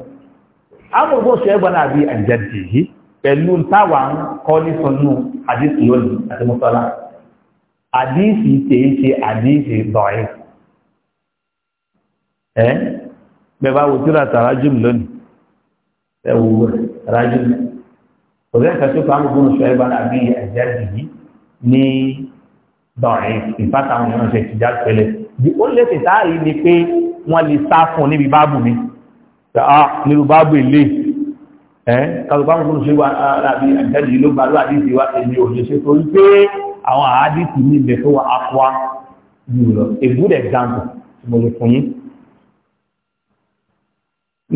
A: àbúrò ṣe é gbọ́dọ̀ àbí ẹ̀jẹ̀díhì pẹ̀lú táwa ń kọ́ ní sọnù àdíìsì lónìí àti mọ́tọ́lá. àdíìsì tèé ṣe àdíìsì dọ̀ẹ́. ẹ bẹ́ẹ̀ bá wo tíra tàrá jùm lónìí ẹwù rájú ọ̀rẹ́ nǹkan tó fàánù gbọ́nà ṣọ́ ẹgbà àbí ẹ̀jẹ̀ yìí ní dọ̀rin ìfàtà àwọn èèyàn ṣe ìjà pẹ̀lẹ́ ó lè fi táàrí ni pé wọ́n lè sá fún níbi báàbù mi ah, nílùú báàbù ilé ẹ́ kàlùkọ́ àwọn gbọ́nà ṣọ́ àbí ẹ̀jẹ̀ yìí ló gbàlú àdìsí wa èmi ò lè ṣe torí pé àwọn àádìsí mi lè tó wà áfọ́á yìí lọ a good example mo lè fún yín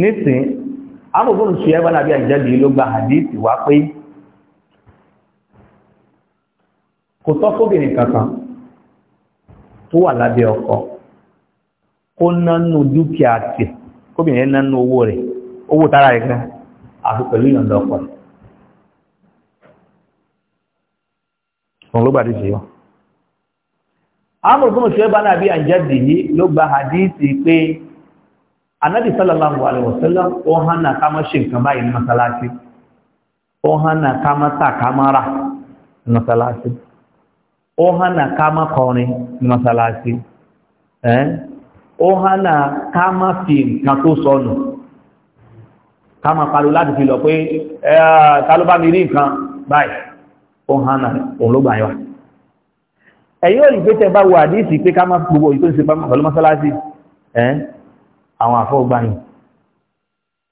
A: nísìnyí amòbónú na ẹgbẹ́ nàbí àjẹ́bì ló gba hadithi wá pé kò tọ́ fóbìnrin kankan tó wà lábẹ́ ọkọ kó nánú dúkìá tì kóbìnrin nánú owó rẹ̀ owó tára rẹ̀ gan àfi pẹ̀lú ìyọ̀ǹda ọkọ rẹ̀ anábì sallallahu alaihi wasallam ó hánà ká mọ́ ṣe nǹkan báyìí ní masalasi ó hánà ká mọ́ tà kámárà ní masalasi ó hánà ká mọ́ kọrin ní masalasi ó hánà ká mọ́ fi nǹkan tó sọnù ká mọ́ pariwo láti fi lọ pé ta ló bá mi rí nǹkan báyìí ó hánà òun ló gbà yọ ẹ̀yìn òrìfẹ́ bá wo àdíìsì pé ká mọ́ gbogbo ìtòsí pẹ̀lú masalasi àwọn àfọ́gbani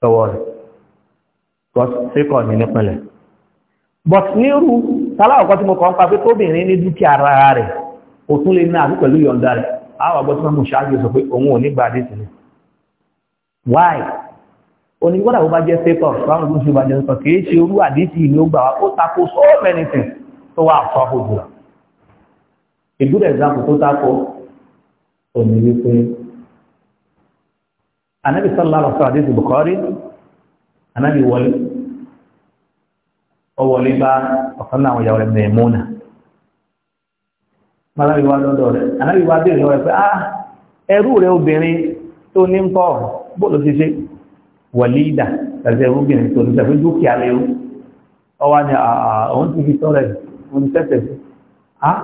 A: lọ́wọ́ rẹ̀ síkọ̀ ní nípìnlẹ̀ but nírú tàláwọ̀kọ́ tí mo kọ́ ń pa pé tóbìnrin ní dúkìá ara rẹ̀ ó tún lè ní àbí pẹ̀lú yọ̀ǹda rẹ̀ àwọn àgbọ́ tí wọ́n mú ṣáájú sọ pé òun ò ní gbà dé sílẹ̀ why onígbọ́dà bó bá jẹ́ síkọ̀ báwọn ló ń ṣe bá jẹ́ sọ kìí ṣe orú àdísì ni ó gbà wá so many things tó wà fọ́ àpò jùlọ a good example tó tako òní wípé anabi sallallahu alaihi wasallam hadith bukhari anabi wọlé ó wọlé bá ọ̀kan náà yàwó rẹ̀ mẹ́múnà malawi wa lọ́dọ̀ rẹ̀ anabi wa bèèrè lọ́wọ́ pé ah ẹrú rẹ̀ obìnrin tó ní ń kọ́ bóòlù ṣiṣẹ́ wọ̀lídà tàbí ẹrú obìnrin tó ní tàbí dúkìá lẹ́rú ọwá ni àwọn ti fi tọ́rẹ̀ òun tẹ́tẹ̀ sí ah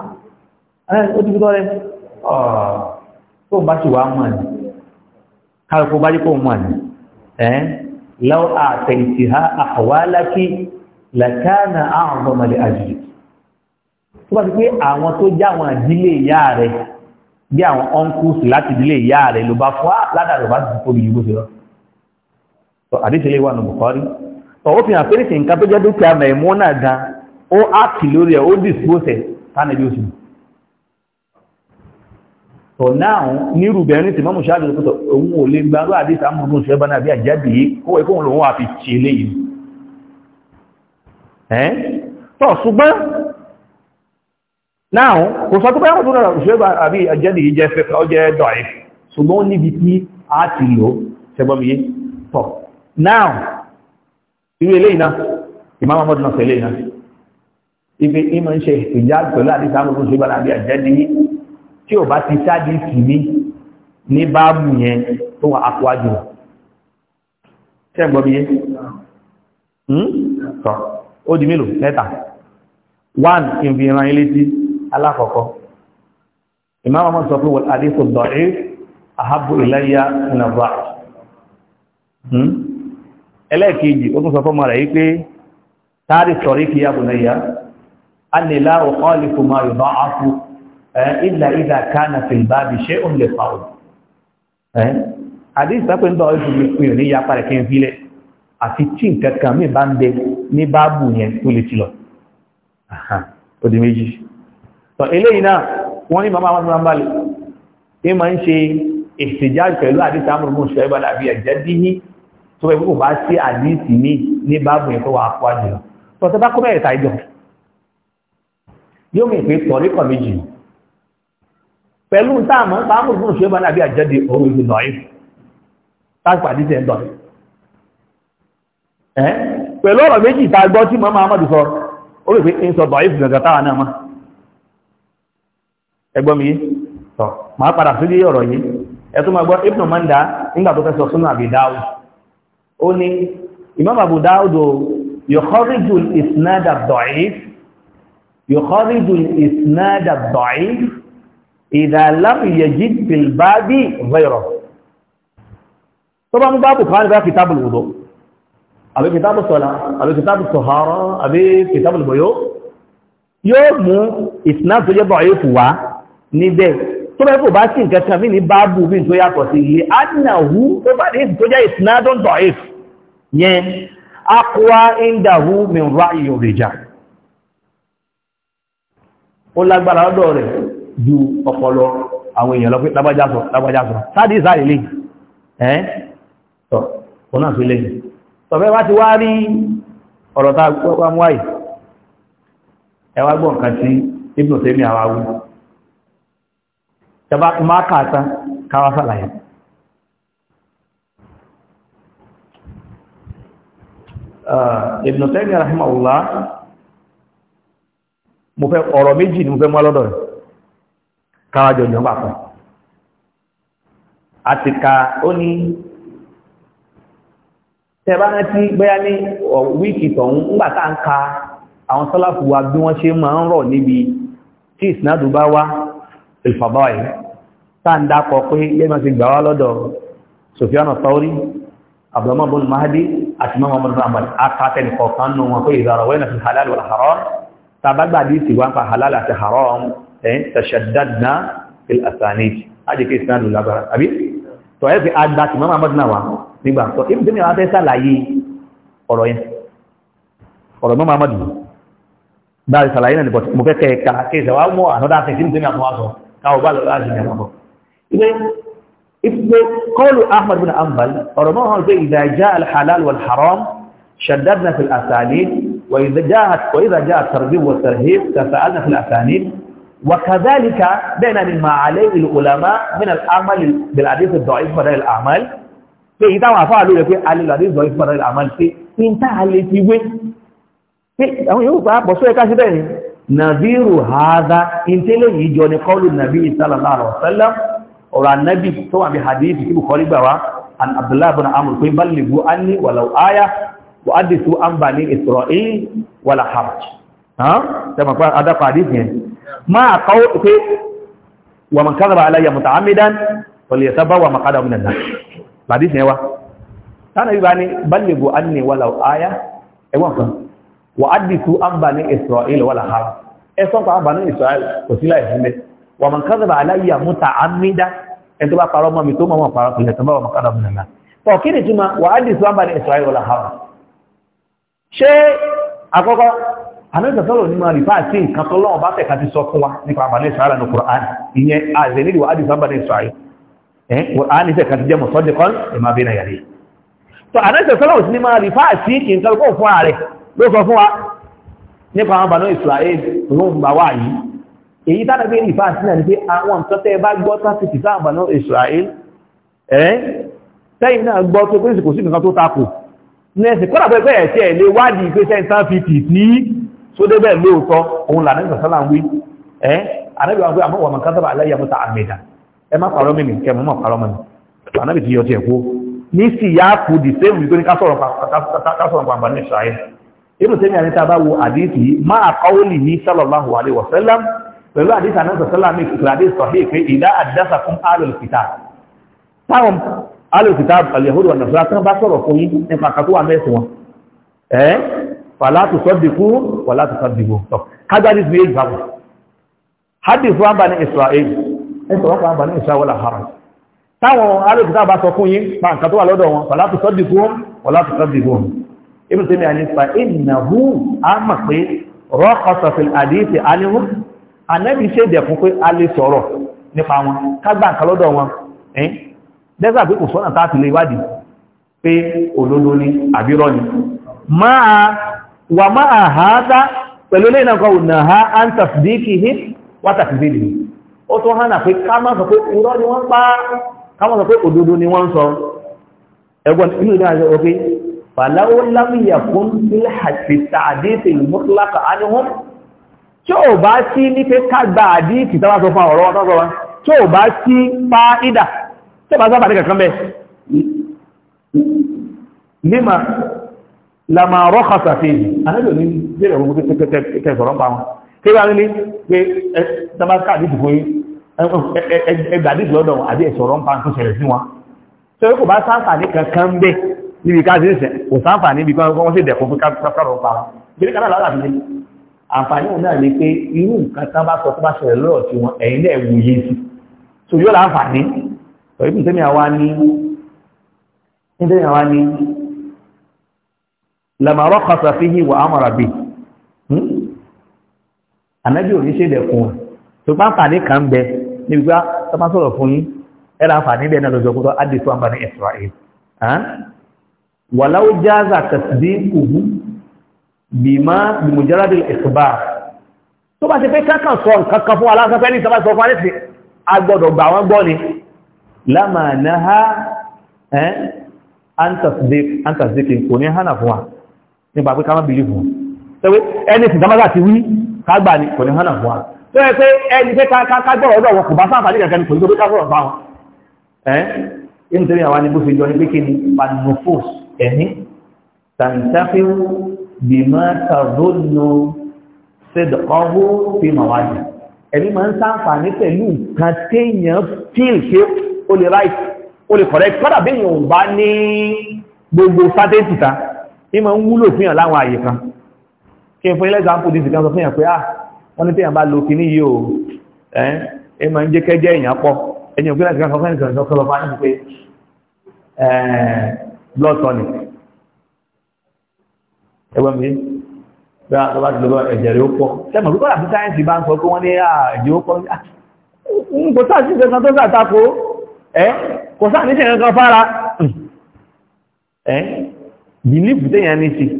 A: ó ti fi tọ́rẹ̀ ọ̀ ah, tó bá ti wà á ni kálukú bá dípò mọ̀ ní ẹ́ lọ́wọ́ àtẹ̀yìntì ha àwálákì làkánà àwọn ọmọdé àjùjù tó bá ti pé àwọn tó já àwọn ìdílé ìyá rẹ̀ bí àwọn uncles láti ìdílé ìyá rẹ̀ ló bá fọ́ ládàá ló bá ti tóbi yìí bó ṣe lọ tó àdéṣelé wà nù Bukhari tó ó fi hàn pé nǹkan tó jẹ́ dúkìá mẹ̀mọ́ náà gan ó áàkì lórí ẹ̀ ó dìspósẹ̀ tánàbí oṣù so now nírú bẹ̀rẹ̀ tí mọ́mù ṣáàdì lókútọ̀ òun ò lè gbáró àdíta mọ́mù ṣe bá náà bí àjábì yìí kó ẹkọ́ òun fi ṣe lè yìí ẹ́ tọ́ ṣùgbọ́n now kò sọ tó bá yàtọ̀ náà ṣe bá àbí àjábì yìí jẹ́ fẹ́fẹ́ ọjẹ́ dọ̀ẹ́ now irú eléyìí náà ìmáàmù ọmọdún náà ṣe eléyìí náà ibi ìmọ̀ ń ṣe ìjáàbì pẹ̀lú tí ò bá ti ṣáàdì kìíní ní báàbù yẹn tó wà ápùwájú ṣẹ́gbọ́bí yẹ́ hmm? tọ́ ó di mélòó mẹ́ta 1. ìfìran ilé tí alákọ̀ọ́kọ́ sọ pé wọ́n dọ̀rí àhábò ẹlẹ́ẹ̀kejì ó tún sọ rẹ̀ táàrí sọ̀rí kí á nílá ìlà ìlà kánà fìlbábi ṣe òun lè fàún àdíṣà pé ń bá ọjọ́ ìpín ní yapa rẹ̀ kí n fílẹ̀ àti tí nǹkankan mí bá ń bẹ ní báàbù yẹn tó lè ti lọ ó di méjì sọ eléyìí náà wọ́n ní màmá àwọn ọmọbalẹ̀ ní ma ń ṣe ìṣèjá pẹ̀lú àdíṣà àmúrùmú ṣe ẹgbà dàbí ẹ̀jẹ̀ díhí tó bẹ̀ kó bá sí àdíṣì mí ní báàbù yẹn tó wà á kó àjùlọ tọ́sẹ̀ bá kó bẹ̀rẹ̀ tàìjọ yóò mú ìpè tọ̀ríkọ̀ méjì yìí pẹ̀lú táàmù táàmù fún ṣẹ́bà náà bí àjẹ́dì orí ìlú lọ́yìn táàpàdé tẹ́ ń dọ̀rẹ̀ ẹ́ pẹ̀lú ọ̀rọ̀ méjì ìtagbọ́ tí mọ́ máa mọ́dù sọ ó rẹ̀ pé ń sọ dọ̀yìn fún gàgà táà náà mọ́ ẹgbọ́n mi sọ máa padà sí lé ọ̀rọ̀ yìí ẹ tó máa gbọ́ Ibn Manda nígbà tó fẹ́ sọ súnà Abi Dawud ó ní Imam Abu Dawud yukharijul isnad ad-da'if yukharijul isnad idha lam yajid bil babi ghayrahu tó bá mú báàbù kan bá kitabul wudu àbí kitabu sọ́lá àbí kitabu tọ̀hárá àbí kitabul bọ̀yó yóò mú ìsiná tó jẹ́ bọ̀ ayé fùwá níbẹ̀ tó bá kò bá sí nǹkan kan mí ní báàbù mí tó yàtọ̀ sí ilé adìnàwú tó bá dé tó jẹ́ ìsiná tó ń tọ̀ yẹn akwa indahu min ra'yi rija ó lágbára lọ́dọ̀ rẹ̀ ju ọpọlọ àwọn èèyàn lọ pé lábájásọ lábájásọ sáàdì sáàdì lè ẹ́ tọ̀ kò náà fi lè tọ̀fẹ́ wá ti wá rí ọ̀rọ̀ tá a mú wáyìí ẹ wá gbọ́ nǹkan tí ibùdó tẹ́mi àwa wú tẹ́bá má kàtá káwá sàlàyé ibùdó tẹ́mi rahimahullah mo fẹ́ ọ̀rọ̀ méjì ni mo fẹ́ mú alọ́dọ̀ rẹ̀ káwájọ ìjọba kan àti ka ó ní tẹ́bá rántí bẹ́yà ní wíìkì tọ̀hún ńgbà tá ń ka àwọn sọ́láfù wa bí wọ́n ṣe máa ń rọ̀ níbi tí ìsìnádù bá wá ìfàbáyé tá ń dákọ pé lẹ́mọ̀ ti gbà wá lọ́dọ̀ Sufyan Thauri Abdurrahman bin Mahdi àti mọ́mọ́ bin Ahmad akátẹ́ni kọ̀ọ̀kan nù wọn halal wal haram tàbágbàdì ìsìwá ń pa halal àti haram إيه؟ تشددنا في الاسانيد اجي كيسنا لولا بار ابي تو اي ماما بدنا وا نيبا تو ام دني لا تي سالاي اورو ين اورو ماما مدي قول احمد بن انبل اذا جاء الحلال والحرام شددنا في الاسانيد واذا جاءت واذا جاء الترغيب والترهيب تفاءلنا في الاسانيد وكذلك بين مما عليه العلماء من العمل بالحديث الضعيف بدل الاعمال pé ìta wà fáà lórí pé alìlàdí ìzọ̀ ìfẹ́ rẹ̀ àmà pé in táà lè fi wé pé àwọn yóò pa pọ̀ sóẹ́ káṣí bẹ́ẹ̀ ni nàbírù haza in tí lè yìí jọ ní kọlù nàbí sallallahu alaihi wasallam ọ̀rọ̀ annabi tó wà bí hadith ibu kọrí gbà wá an abdullahi bin amr pé ballighu anni walau aya wa addisu an bani isra'il wala haraj ha ta ma fa ada hadith yẹn Ma, kọ́ pé wà mọ̀ kádàbà aláyà mọ̀ta amídán wọlé sábà wà mọ̀ kádà mọ̀ nà láti sẹ́wà tánà yíba ní balẹ̀bù an ní kan wà á dìkú an bà ní Israel wàlà ha ẹsọ́n pa bà ní Israel kò sílá ìfúnbẹ́ wà mọ̀ kádàbà aláyà mọ̀ta amídán ẹn tó bá parọ́ mọ́ mi tó mọ́ mọ́ parọ́ kìlẹ̀ sábà wà mọ̀ kádà mọ̀ nà tọ́ kí ni túmọ̀ wà á dìkú an bà Israel wàlà ha ṣé àkọ́kọ́ àmẹ́sọ̀sọ́rọ̀ ní máa rí fáà tí nǹkan tó lọ́wọ́ bá tẹ̀ka ti sọ fún wa nípa àbàlẹ̀ ìṣàrà ní Kùrán ìyẹn àìsẹ̀ nílò àdìsọ àbàlẹ̀ ìṣàrà ẹ̀ Kùrán ìṣẹ̀ kan ti jẹ́ mọ̀sọ́dẹ̀ kan ìmá bí náà yàrí tó àmẹ́sọ̀sọ́rọ̀ ní máa rí fáà tí nǹkan tó fún ààrẹ ló sọ fún wa nípa àwọn àbàlẹ̀ ìṣàrà ló ń bá wà yìí èyí tánà bí ìfà sódé bẹ́ẹ̀ lóòótọ́ òun là nígbà sálà ń wí ẹ́ anábì wọn pé àmọ́ wọn kan sábà aláyà mọ́ta àmìdá ẹ má parọ́ mímì kẹ́ mọ́ mọ́ parọ́ mọ́ni anábì ti yọ ti ẹ̀kú ní sì yá kù dì sẹ́yìn wípé ní ká sọ̀rọ̀ pàǹpà ní ìṣàyẹ inú sẹ́yìn àti tábà wo àdìsí máa kọ́wó lì ní sallallahu alaihi wasallam pẹ̀lú àdìsí anábì sọ́lá mi kìkìlá dé sọ hé pé ìdá àdásà fún alòkìtà táwọn fàlátù sọ́dìkú wàlátù sọ́dìkú tọ́ kájáde sí èyí báwọn hadith wọ́n bá ní israel ẹ̀sọ̀ wọ́n bá ní israel wọ́n láhara táwọn alẹ́kùtà bá sọ fún yí pa nǹkan tó wà lọ́dọ̀ wọn fàlátù sọ́dìkú wàlátù sọ́dìkú ibi tí mi à ní fa ìnáhù a mọ̀ pé rọ́kọ̀sọ̀fìl àdíṣe aníhù anẹ́bí ṣe dẹ̀kún pé a wà máa hádá pẹ̀lú lẹ́nà kan nà ha án tàfídíkì hì wá tàfídíkì hì ó tó hánà pé ká máa sọ pé irọ́ ni wọ́n pa ká máa sọ pé òdodo ni wọ́n sọ ẹgbọ́n inú ìdá àjọ pé fàláwó lámìyà fún fílhàtì tàdíìtì mọ́tòlákà ánihùn si ò bá sí ní pé ká gba àdíìtì tábà sọ fún ọ̀rọ̀ wa tí ò bá sí pa ìdà tí ò bá sábà ní kankan bẹ́ẹ̀ lama rọ́kàtà fèèjì anábì òní bẹ̀rẹ̀ ogun kẹsọ̀rọ̀ ń pa wọn kébà ní pé tabaska àdìsì fún ẹgbà àdìsì lọ́dọ̀ àbí ẹ̀sọ̀rọ̀ ń pa tó ṣẹlẹ̀ sí wọn tó kò bá sáǹfààní kankan bẹ́ níbi ká sí ìṣẹ̀ kò sáǹfààní bí wọ́n sì dẹ̀kùn fún kásọ̀rọ̀ ń pa wọn bí kálá lọ́la fi àǹfààní òun náà ni pé irú nǹkan tán bá sọ lama rakhasa fihi wa amara bi anabi hmm? ò ní ṣe dẹ̀kun ẹ̀ tó bá fàní kan bẹ níbi gbá sọmá sọ̀rọ̀ fún yín ẹ̀rà fàní bẹ́ẹ̀ náà lọ́jọ́ kútọ́ adìsú àmbà ní Israel walau jaza tasdiquhu bima bi mujarrad al-ikhbar tó bá ti fẹ́ kankan sọ nǹkan kan fún aláṣẹ́fẹ́ ní ìsọmá sọ fún alẹ́sì agbọ́dọ̀ gbà wọ́n gbọ́ ni lama naha an tasdiq kò ní hànà fún wa nípa pé ká má bìlì fún tẹ́wé ẹni sì dámọ́gà ti wí kágbà ni kò ní hàn àwọn tó yẹ pé ẹni pé kágbọ́ ọ̀dọ̀ wọn kò bá sáǹfààní kankan ní kò ní tó pé ká sọ̀rọ̀ báwọn ẹ́ ń tẹ́lẹ̀ àwọn anibó ṣe jọ ní pé kí ni panofos ẹ̀mí tàǹtàfíwú bí máa tàzónú ṣèdọ̀kọ́wó fi mà wájú ẹ̀mí máa ń sáǹfààní pẹ̀lú nǹkan téèyàn fíìl ṣe ó lè gbogbo sátẹ́ǹtì ta ìmọ̀ ń wúlò fún yàn láwọn àyè kan kí n fún ilẹ̀ example this kan sọ fún yàn pé ah wọ́n ní tí yàn bá lo kìíní yìí o ẹ́ ẹ máa ń jẹ́ kẹ́jẹ́ èèyàn pọ̀ ẹ̀yìn òkú láti kan sọ fún ẹnìkan sọ sọ fún ẹnìkan blood tonic ẹgbẹ́ mi bí wọ́n bá ti lọ́wọ́ ẹ̀jẹ̀ rẹ̀ ó pọ̀ sẹ́mọ̀ pípọ́ àti sáyẹ́ǹsì bá ń sọ pé wọ́n ní ah, ẹ̀jẹ̀ ó pọ̀ ń ah, kò sáà sí ìṣẹ́kan tó sàtakò ẹ́ kò sáà ní belief téèyàn ní sí ní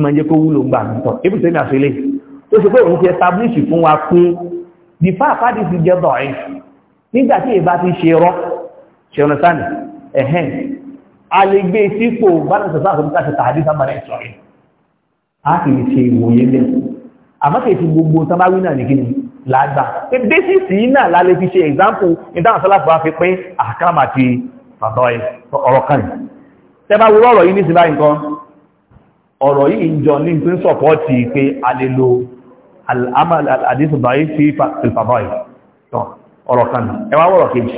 A: ma jẹ́ kó wúlò gbà nìtọ̀ ibi tẹ́mi àfẹ́lẹ́ tó ṣe pé òun ti establish fún wa pé the far party ti jẹ́ bọ̀ ẹ̀ nígbà tí èbá ti ṣe rọ́ ṣe ọ̀nà sáni ẹ̀hẹ́n a lè gbé e sípò balance of account káṣẹ tàbí sábàrẹ̀ ìṣọ̀rẹ́ a sì lè ṣe ìwòye lẹ́ àmọ́ kì í fi gbogbo sábàwí náà ní fi ṣe example ìdáhùn sọ́lá fún wa fi pín àkàràmà àti ọ̀rọ̀ kan yìí tẹ́bá wo ọ̀rọ̀ yìí nísìnbá nǹkan ọ̀rọ̀ yìí ń jọ ní ìpín sọ̀pọ̀tì pé a lè lo àdísùbáyé sí ìfàbáyé ọ̀rọ̀ kan ẹwà wọ́rọ̀ kejì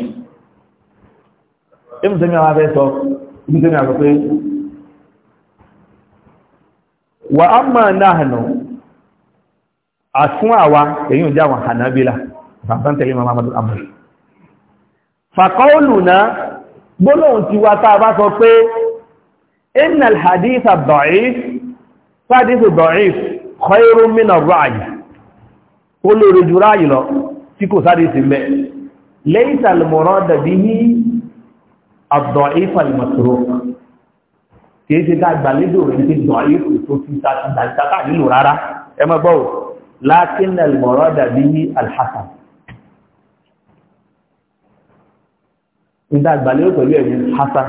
A: ibùn tẹ́mi àwọn afẹ́ sọ ibùn tẹ́mi àwọn pé wà á máa náànà àtún àwa èyí ò ti wá tá sọ pé inna al-hadith ad-da'if fadith ad-da'if khairun min ar-ra'y olórí ju ráyì lọ tí kò sáré sí mẹ́ laysa al-murad bihi ad-da'if al-matruk kìí ṣe dágbà lédò rẹ̀ ní da'if tó ti tàbí nílò rárá ẹ má gbọ́ lakin al-murad bihi al-hasan ìdágbà lédò pẹ̀lú ẹ̀yìn hasan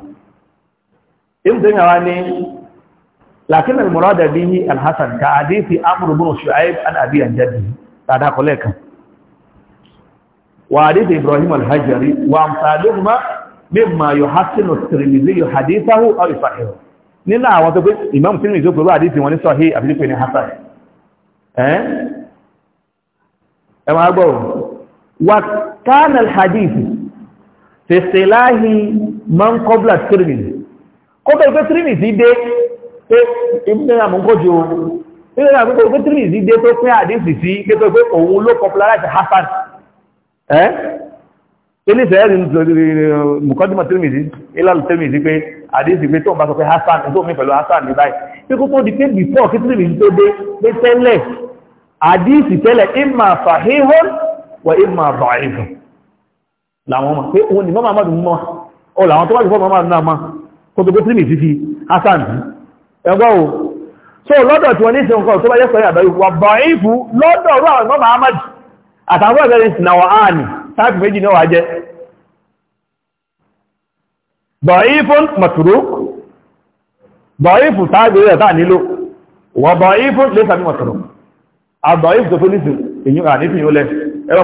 A: ibn taymiya wa ni lakin al murada bihi al hasan ka hadithi amr ibn shu'aib an abi an jaddi tada koleka wa hadith ibrahim al hajari wa amsaluhuma mimma yuhassinu at-tirmidhi hadithahu aw yusahihu nina àwọn tó pé imam tirmidhi sọ pé hadith wọn ni sahih àbí pé ni hasan eh ẹ máa gbọ́ wa kana al hadith fi istilahi man qabla at-tirmidhi kọ́tọ̀ ìpé trinity dé pé ìmúnira mú kó jù ìrìnà pípẹ́ ìpé trinity dé tó pín àdínsì sí kétò pé òun ló popularize Hassan ẹ́ ilé-ìṣẹ́ mùkọ́dúnmọ̀ trinity ilọ́lù trinity pé àdínsì pé tó ń bá sọ pé Hassan tó mí pẹ̀lú Hassan ní báyìí pé kó tó di pé before kí trinity tó dé pé tẹ́lẹ̀ àdínsì tẹ́lẹ̀ imma sahihun wa imma da'ifun làwọn mọ̀ pé òun ni mọ́ kòtòkó sílìmì fífi asáàmì ẹgbọ́ o so lọ́dọ̀ tí wọ́n ní ṣe nǹkan tó bá yẹ́ sọ́yà àbáyé wà bọ̀ ìfú lọ́dọ̀ rú àwọn ọmọ ahmad àtàwọn ẹgbẹ̀rẹ̀ na wà áàni táàkì méjì ní wà jẹ́ bọ̀ ìfún matruk bọ̀ ìfún táàgbẹ̀rẹ̀ táà nílò wà bọ̀ ìfún lẹ́sàmí matruk àbọ̀ ìfún tó fún nísìn èyí rà nífin yóò lẹ́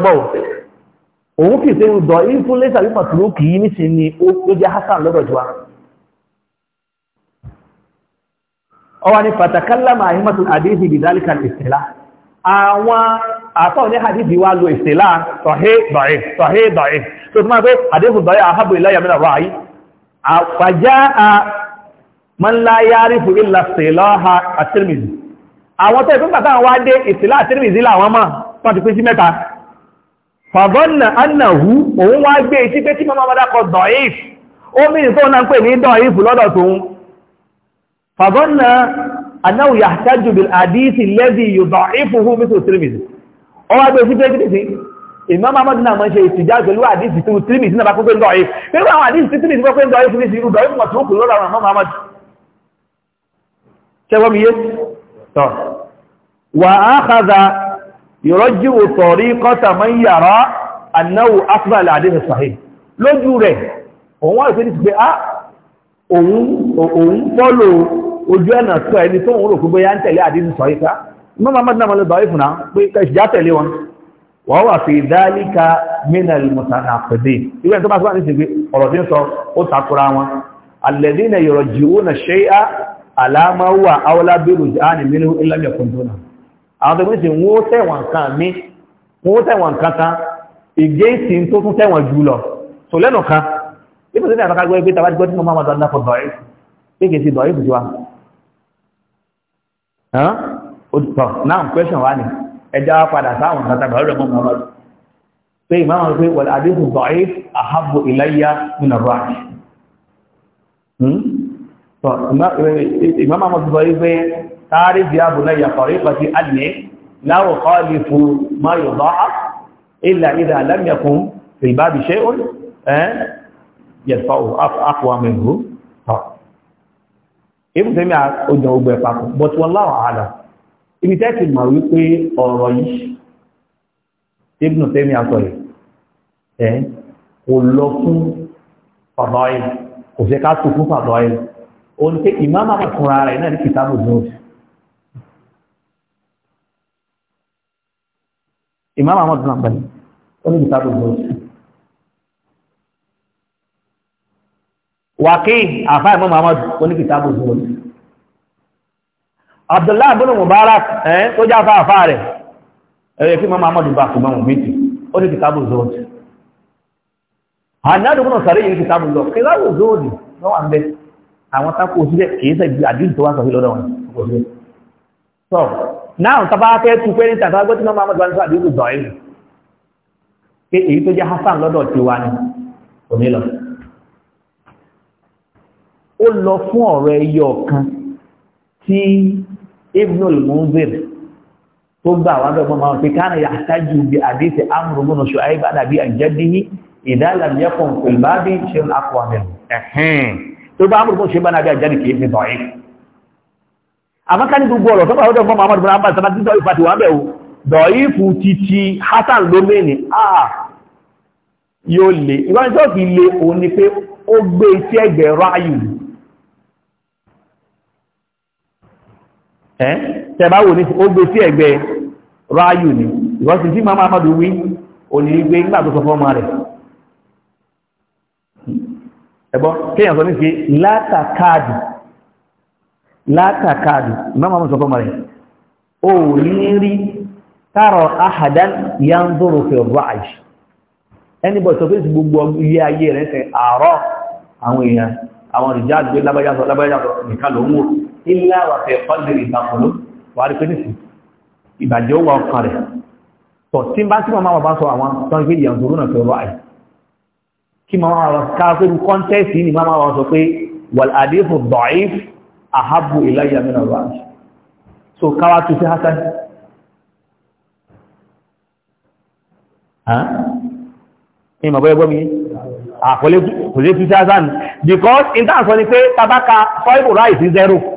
A: o òun kìí ṣe ń dọ̀ ìfún lẹ́sàmí matruk yìí nísìn ni ó jẹ́ hasan lọ́dọ̀ jù ọwà ni fatakallama àhímọ̀tún àdíhì bìdálíkà ìsìlá àwọn àtọ́ ní àdíhì wá lo ìsìlá sọ̀hé bàrẹ̀ sọ̀hé bàrẹ̀ tó tó máa pé àdíhù bàrẹ̀ àhábò ìláyà mìíràn ráyí àfàjá a mọ́nlá yárí fún ilà sèlọ́ha àtìrìmìzì àwọn tó ìpín pàtàkì wá dé ìsìlá àtìrìmìzì láwọn mọ́ tó ti fàbọ́nà annahu òun wá gbé ìtí pé tí mọ́mọ́dá kọ dọ̀íf ó mìíràn tó náà pè ní dọ̀íf lọ́dọ̀ tóun فظن أنه يحتج بالحديث الذي يضعفه مثل الترمذي أو هذا يسيب لك Imam Ahmad náà mọ́ ṣe ìtìjá pẹ̀lú àdísì tó tírìmì sínú àpapọ̀ pẹ̀lú ọ̀rẹ́ pẹ̀lú àwọn àdísì tó tírìmì pẹ̀lú ọ̀rẹ́ fún ìṣirú ọ̀rẹ́ fún ọ̀tún òkùnlọ́rọ̀ àwọn Imam Ahmad ṣẹwọ́ mi yé tọ́ wà á kàzà yọrọ́jú òtọ̀rí kọ́ta mọ́ yàrá annáwó afdal àdísì sahih lójú rẹ̀ òun wà ojú ẹ̀nà tó ẹni tó ń rò fún bóyá ń tẹ̀lé àdínú sọ ìfá mọ́ máa mọ́dún náà mọ́lẹ̀ bàwí fún náà pé kẹṣìjá tẹ̀lé wọn wọ́n wà fi dálíkà minal mutanaqidin ìwé tó bá sọ́wọ́n ní ti gbé ọ̀rọ̀ tí ń sọ ó takura wọn alladhina yurji'una shay'a ala ma huwa tún tẹ̀wọ̀n jù lọ tò lẹ́nu kan ibùsùn ní àtàkàgbẹ́ pé tàbí gbọ́ tí máa mọ̀ dọ́ndà fọ̀ dọ̀ẹ́ pé kìí olùtọ̀ náà question wá ní ẹjá padà sáwọn tàtàbà rẹ̀ mọ́ mọ́ pé ìmáwọn pé wọ́n àdéhù bọ̀ẹ́ àhábò ìlàyà nínú raj ìmáwọn mọ́ sọ pé tààrí bí àbò náà yà kọ̀rí pàtí alìyẹ láwọ̀ kọ́lì fún mayo bá ilà ìdà alámiyàkún ìbábi ṣe ó yẹ̀fọ́ àpò àmì ìhù ibùn tẹ́mí ọjọ́ ogun ẹ̀pàkọ̀ but wallahu a'lam ibi tẹ́ẹ̀tì mọ̀ wípé ọ̀rọ̀ yìí ibùn tẹ́mí àtọ̀ yìí ẹ̀ kò lọ fún fàbáyé kò fẹ́ ká tó fún fàbáyé o ní pé ìmáàmà fúnra rẹ̀ náà ní kìtàbù nùsì ìmáàmà mọ̀ náà pẹ̀lú ó ní kìtàbù nùsì wàkí àfá ìmọ́ Muhammad oníkìtàbù zuwọ́n Abdullah bin Mubarak Eh, tó já fá àfá rẹ̀ ẹ̀rẹ̀ kí mọ́ Muhammad bá kù mọ́mù méjì oníkìtàbù zuwọ́n hannadu bin sàrí yìí kìtàbù zuwọ́n kí láwọ̀ zuwọ́n ló wà ń bẹ àwọn tako òṣìṣẹ́ kìí sẹ́ ibi àdín tó wá sọ lọ́dọ̀ wọn so now tàbá fẹ́ tu pé ní tàbá gbé tí mọ́ Muhammad wọn sọ àdín tó dọ̀ ẹ̀ pé èyí tó jẹ́ Hasan lọ́dọ̀ tiwa ni òní lọ ó lọ fún ọ̀rọ̀ ẹyọ kan tí ibnul munzir tó gbà wá dọ́gbọ́n máa fi kánà yà tájú bí àdéhìí amru bin shu'aib àdàbí àjẹ́dìhí idha lam yakun fil babi shay'un aqwa minhu ẹ̀hìn tó bá amru bin shu'aib àdàbí àjẹ́dìhí kì í fi dọ̀yìn àmọ́ká ní gbogbo ọ̀rọ̀ tọ́pàá ọdọ́ fún Muhammadu Buhari sábà títọ́ ìfàtí wà bẹ̀wò dọ̀ífù títí Hassan lomeni àà yóò lè ìwọ́n tó fi lè òun ni pé ó gbé iṣẹ́ ẹgbẹ̀rọ ayù ẹ́ tẹ́bá wò ní ó gbé sí ẹ̀gbẹ́ ráyù ni ìwọ́sí tí mama amadu wí ò ní gbé nígbà tó sọ fọ́ ọmọ rẹ̀ ẹ̀bọ́ kéèyàn sọ ní pé látàkáàdì látàkáàdì mama amadu sọ fọ́ ọmọ rẹ̀ ó ní rí tààrọ̀ ahadan ya ń dúró fi ráj anybody sọ pé gbogbo ilé ayé rẹ̀ sẹ àárọ̀ àwọn èèyàn àwọn ìjáàdì lábájá sọ lábájá sọ nìkan ló ń wò ilá wà fẹ́ kọ́lẹ̀ ìgbàkùnlú wà rí pé nìsí ìbàjẹ́ ó wà ọkàn rẹ̀ tọ̀ tí bá tí màmá bàbá sọ àwọn tó ń gbé ìyàwó tó náà fẹ́rọ àì kí màmá bàbá káàkiri kọ́ńtẹ́ẹ̀sì ni màmá bàbá sọ pé wal hadithu da'if ahabbu ilayya min ar-ra'y so káwá tó fi hasan ní màbá ẹgbọ́ mi àkọlé kò lè fi hasan because in terms of ni pé tabaka five rice zero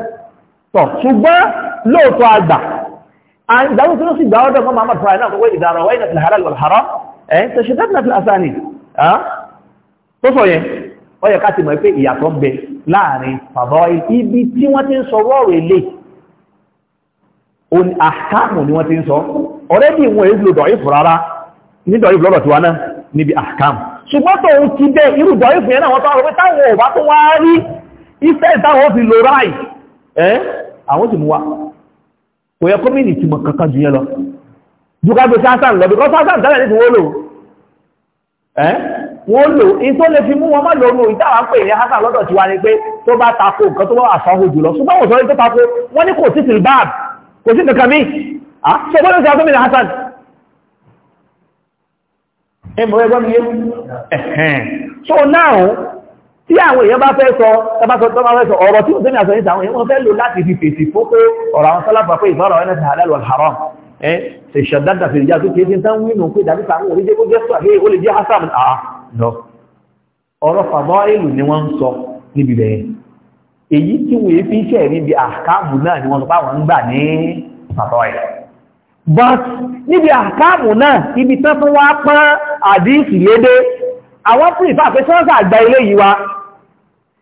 A: tọ̀ ṣùgbọ́n lóòtọ́ àgbà ìdáwó tí ó sì gbà ọ́dọ̀ fún mamadu fara náà kọwẹ́ ìdára wáyé nàfilà halal wal haram ẹ̀ tẹ̀ ṣe dábìlà fìlà sáà ni tó sọ yẹn ó yẹ ká ti mọ̀ pé ìyàtọ̀ ń bẹ láàrin bàbá ibi tí wọ́n ti ń sọ rọ́ọ̀rọ̀ ilé òní àkáàmù ni wọ́n ti ń sọ ọ̀rẹ́ bí wọn èyí lò dọ̀yìfù rárá ní dọ̀yìfù lọ́dọ̀ tiwa náà níbi àkáàmù ṣùgbọ́n tòun ti bẹ́ irú dọ̀yìfù yẹn náà wọ́n tọ́ àwọn ti mú wa kò yẹ kọ́mìnì ti mọ̀ kankan jù yẹn lọ dùkà gbé sásán lọ bíkọ́ sásán tẹ́lẹ̀ ní ti wọ́n lò ẹ́ wọ́n lò ìtò lè fi mú wọn má lòrò ìtawà ń pè ní hasan lọ́dọ̀ tiwa ni pé tó bá tako nǹkan tó bá wà sanwó jùlọ ṣùgbọ́n wọ́n sọ ní tó tako wọ́n ní kò sí sí báàb kò sí kankan míì ṣe gbọ́dọ̀ sí asọ́mìnì hasan ẹ̀ mọ̀ ẹgbọ́n mi yé so now tí àwọn èèyàn bá fẹ́ sọ tọ́bàfẹ́sọ ọ̀rọ̀ tí ó tẹ́lẹ̀ àṣọ ìsàwọn èèyàn wọ́n fẹ́ lò láti fi fèsì fún pé ọ̀rọ̀ àwọn sọ́lápàá pé ìfọ́rọ̀ ẹ̀nà ti halal wal haram ẹ́ ṣe ṣàdádà fèrè jà tó kéé tí ń tán wínú pé dàbí sàwọn oríjẹ́ kó jẹ́ sọ àhé ó lè jẹ́ hasan àá lọ ọ̀rọ̀ fàbọ́ èlù ni wọ́n ń sọ níbi bẹ̀yẹn èyí tí wọ́n fi ń ṣẹ̀rí bí àkáàmù náà ni wọ́n sọ páwọn ń gbà ní fàbọ́ ẹ̀ but níbi àkáàmù náà ibi tán tún wá pọ́n àdíìsì lédè àwọn fún ìfàfẹ́sọ́nsà àgbà ilé wa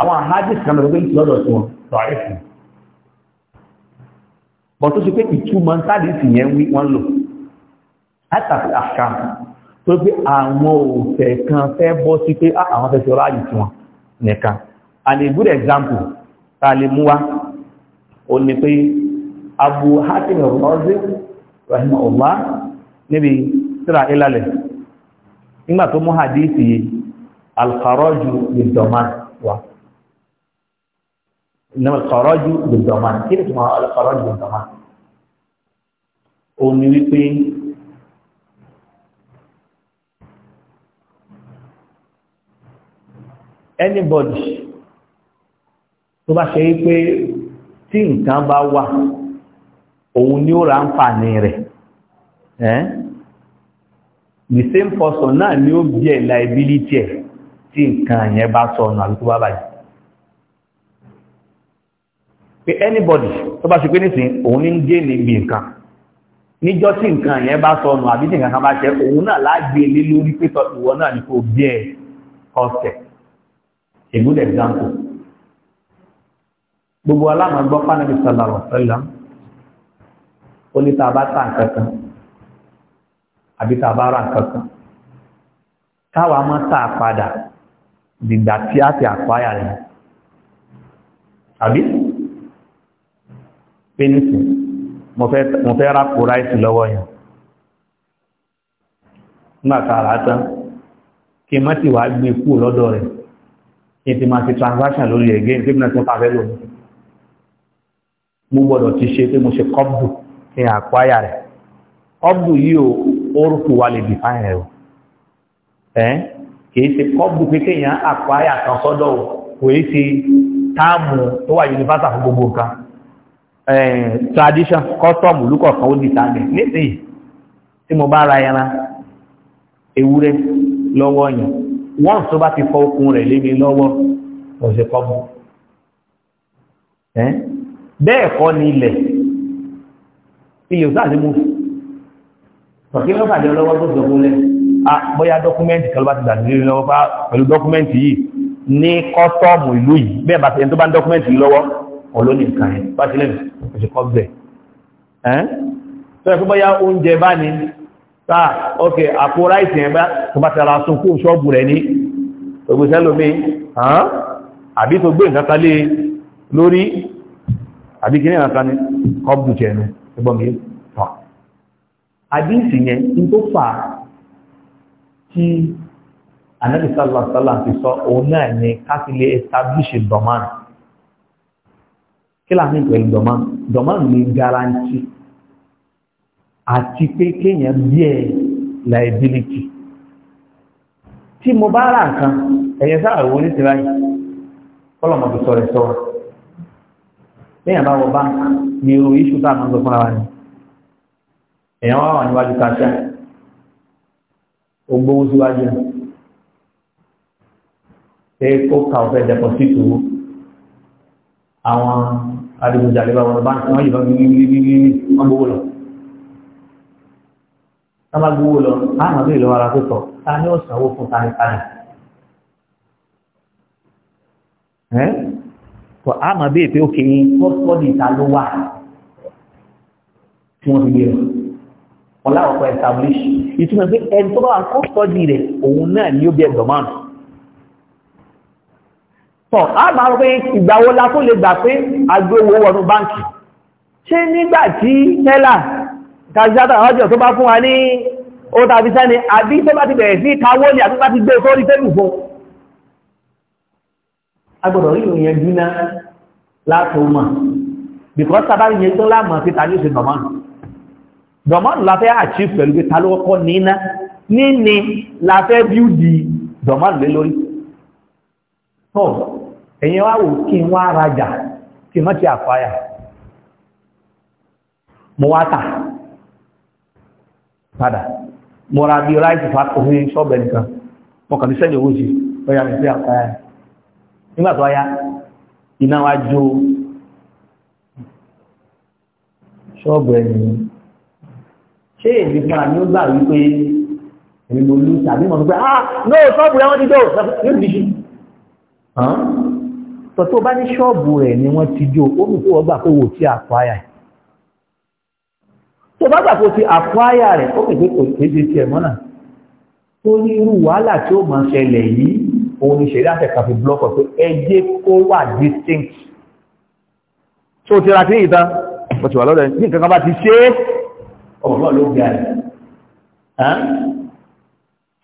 A: àwọn ahadis kan lọ́dọ̀ pé lọ́dọ̀ tí wọ́n tọ́ ẹ̀ fún bọ́ tó ṣe pé ìtumọ̀ sáàdì sì yẹn wí wọ́n lò látàfi àṣà tó pé àwọn òfẹ́ kan fẹ́ bọ́ sí pé ah, àwọn fẹ́ ṣe ọlá yìí tiwọn nìkan and a good example ta lè mú wa ó ní pé Abu Hatim rọ́ọ̀zì rahimahullah níbi síra ìlàlẹ̀ nígbà tó mú hadith yìí alfarọ́jù ìdọ̀má wa ìnáwó kọ̀rọ́jú gbẹ̀dọ̀mán kí ni tuma kọ̀rọ́jú gbẹ̀dọ̀mán òun ni wípé anybody tó bá ṣe wípé tí nǹkan bá wà òun ni ó ra ń fà rẹ̀ ẹ́ the same person náà ni ó bí ẹ̀ liability ẹ̀ tí nǹkan yẹn bá sọnù àbí tó bá bàjẹ́ pé anybody tó bá ṣe pé nísìn òun ní gé ní nǹkan níjọ́ tí nǹkan yẹn bá sọnù àbí tí nǹkan kan bá ṣe òun náà lágbé lé lórí pé ìwọ náà ní kò bí ẹ ọ̀sẹ̀ a good example gbogbo alámọ̀gbọ́ fánàbí sọ̀làrọ̀ sọ́lá ó ní tàbá tà nǹkankan àbí tàbá ra nǹkankan káwa máa tà padà dìgbà àbí pé nísìn mo fẹ́ rápò ráìsì lọ́wọ́ yẹn nígbà tá a rà á tán kí n má ti wàá gbé kúrò lọ́dọ̀ rẹ̀ kí n ti máa ti transaction lórí ẹ̀ gẹ́gẹ́ bí náà tí wọ́n fà fẹ́ lónìí mo gbọ́dọ̀ ti ṣe pé mo ṣe kọ́bù kí n àkwáyà rẹ̀ kọ́bù yìí o orúkú wa lè define rẹ̀ o ẹ́ kìí ṣe kọ́bù pé kéèyàn àkwáyà kan sọ́dọ̀ kò í ṣe táàmù tó wà yunifásitì fún gbogbo nǹkan Eh, tradition custom olúkọ̀ọ̀kan ó di tàbẹ̀ nísìnyí tí mo bá ra ẹran ewúrẹ́ lọ́wọ́ yẹn wọ́n tó bá ti fọ okun rẹ̀ lé mi lọ́wọ́ ọ̀sẹ̀ kọ́ mu eh? bẹ́ẹ̀ kọ́ ni ilẹ̀ ilẹ̀ òsà sí mú tọ̀kí ló pàdé lọ́wọ́ tó sọ fún lẹ́ bóyá dọ́kúmẹ́ntì kan ló bá ti dàbí lé lọ́wọ́ pẹ̀lú dọ́kúmẹ́ntì yìí ní kọ́tọ́ọ̀mù ìlú yìí bẹ́ẹ̀ bá ti ẹni tó bá ń dọ́kúmẹ́ntì lọ́wọ́ olóní nǹkan yẹn pàtílẹ̀ òṣìkọ́ bẹ̀ ẹ́n tó ẹ̀kú bọ́yá oúnjẹ bá ní sáà ok àpò ráìsì yẹn bá tó bá tara sun kó ṣọ́ọ̀bù rẹ̀ ní ògbésẹ́ lómi hàn àbí tó gbé nǹkan kan lé e lórí àbí kí ní nǹkan ní kọ́bù jẹnu establish domain kí láàrin pẹ̀lú dọ̀mán dọ̀mán ní garanti àti pé kéèyàn bí liability tí mo bá rà nǹkan ẹ̀yẹ sáà wo ní tìráyì kọ́lọ̀mọ̀ tó sọ̀rọ̀ sọ̀rọ̀ kéèyàn bá wọ báńkì ní irú iṣu tá a máa ń sọ fúnra wa ni èèyàn wá wà níwájú káṣíà ó gbówó síwájú pé kó ka ọ̀fẹ́ deposit owó àwọn adigunjalè bá wọn báńkì wọn yìnbọn gbígbígbígbí wọn gbowó lọ wọn bá gbowó lọ àwọn àbí ìlú ara tó tọ ta ni ó sanwó fún tani tani ẹ tọ àwọn àbí ètò òkè yín wọn di ìta ló wà tí wọn fi gbé lọ wọn láwọn kọ establish ìtumọ̀ pé ẹni tó bá wà kọ́ sọ́ọ̀dì rẹ̀ òun náà ni ó bí ẹgbẹ̀rún márùn-ún tọ̀ àgbàrún pé ìgbàwó la tó lè gbà pé agbówó wọnú báńkì ṣe nígbà tí tẹ́là kàzíátà ọjọ́ tó bá fún wa ní ó tàbí sẹ́ni àbí tó bá ti bẹ̀rẹ̀ sí káwó ní àtúntà ti gbé e sórí tẹ́lù fún agbọ̀dọ̀ rí ìròyìn dúná látò mọ̀ bìkọ́ sábàrí yẹn tó lámọ̀ sí ta ní oṣù dọ̀mọ́nù dọ̀mọ́nù la fẹ́ achieve pẹ̀lú pé ta ló kọ́kọ́ níná níní la fẹ́ bíúdì dọ̀mọ́nù lé lórí tọ́ọ̀ ẹ̀yin wá wò kí n wá rajà kí mọ́ ti àfáyà mo wá tà padà mo ra bí ráìtì fàkùnrin ṣọ́bẹ̀ nìkan mo kàn ní sẹ́lẹ̀ owó sí ọya mi sí àfáyà nígbà tó wáyá iná wá jó ṣọ́ọ̀bù ẹ̀yìn ṣé èmi fún àmì ó gbà wípé èmi mo lù tàbí mo ń ah no ṣọ́ọ̀bù rẹ̀ wọ́n ti dò yóò di ṣe tọ́tọ́ bá ní ṣọ́ọ̀bù rẹ̀ ni wọ́n ti jó ó mú kó wọ́n gbà pé wò tí àpáyà rẹ̀ tó bá gbà pé ti àpáyà rẹ̀ ó mú pé kò kéde tiẹ̀ mọ́nà tó ní irú wàhálà tí ó máa ṣẹlẹ̀ yìí òun ni ṣẹlẹ̀ àtẹ̀kà fi blọ́kọ̀ pé ẹjẹ́ kó wà distinct tó ti ra sí ìta ó ti wà lọ́dọ̀ ní nǹkan kan bá ti ṣe é ọ̀rọ̀ ló gbé àyè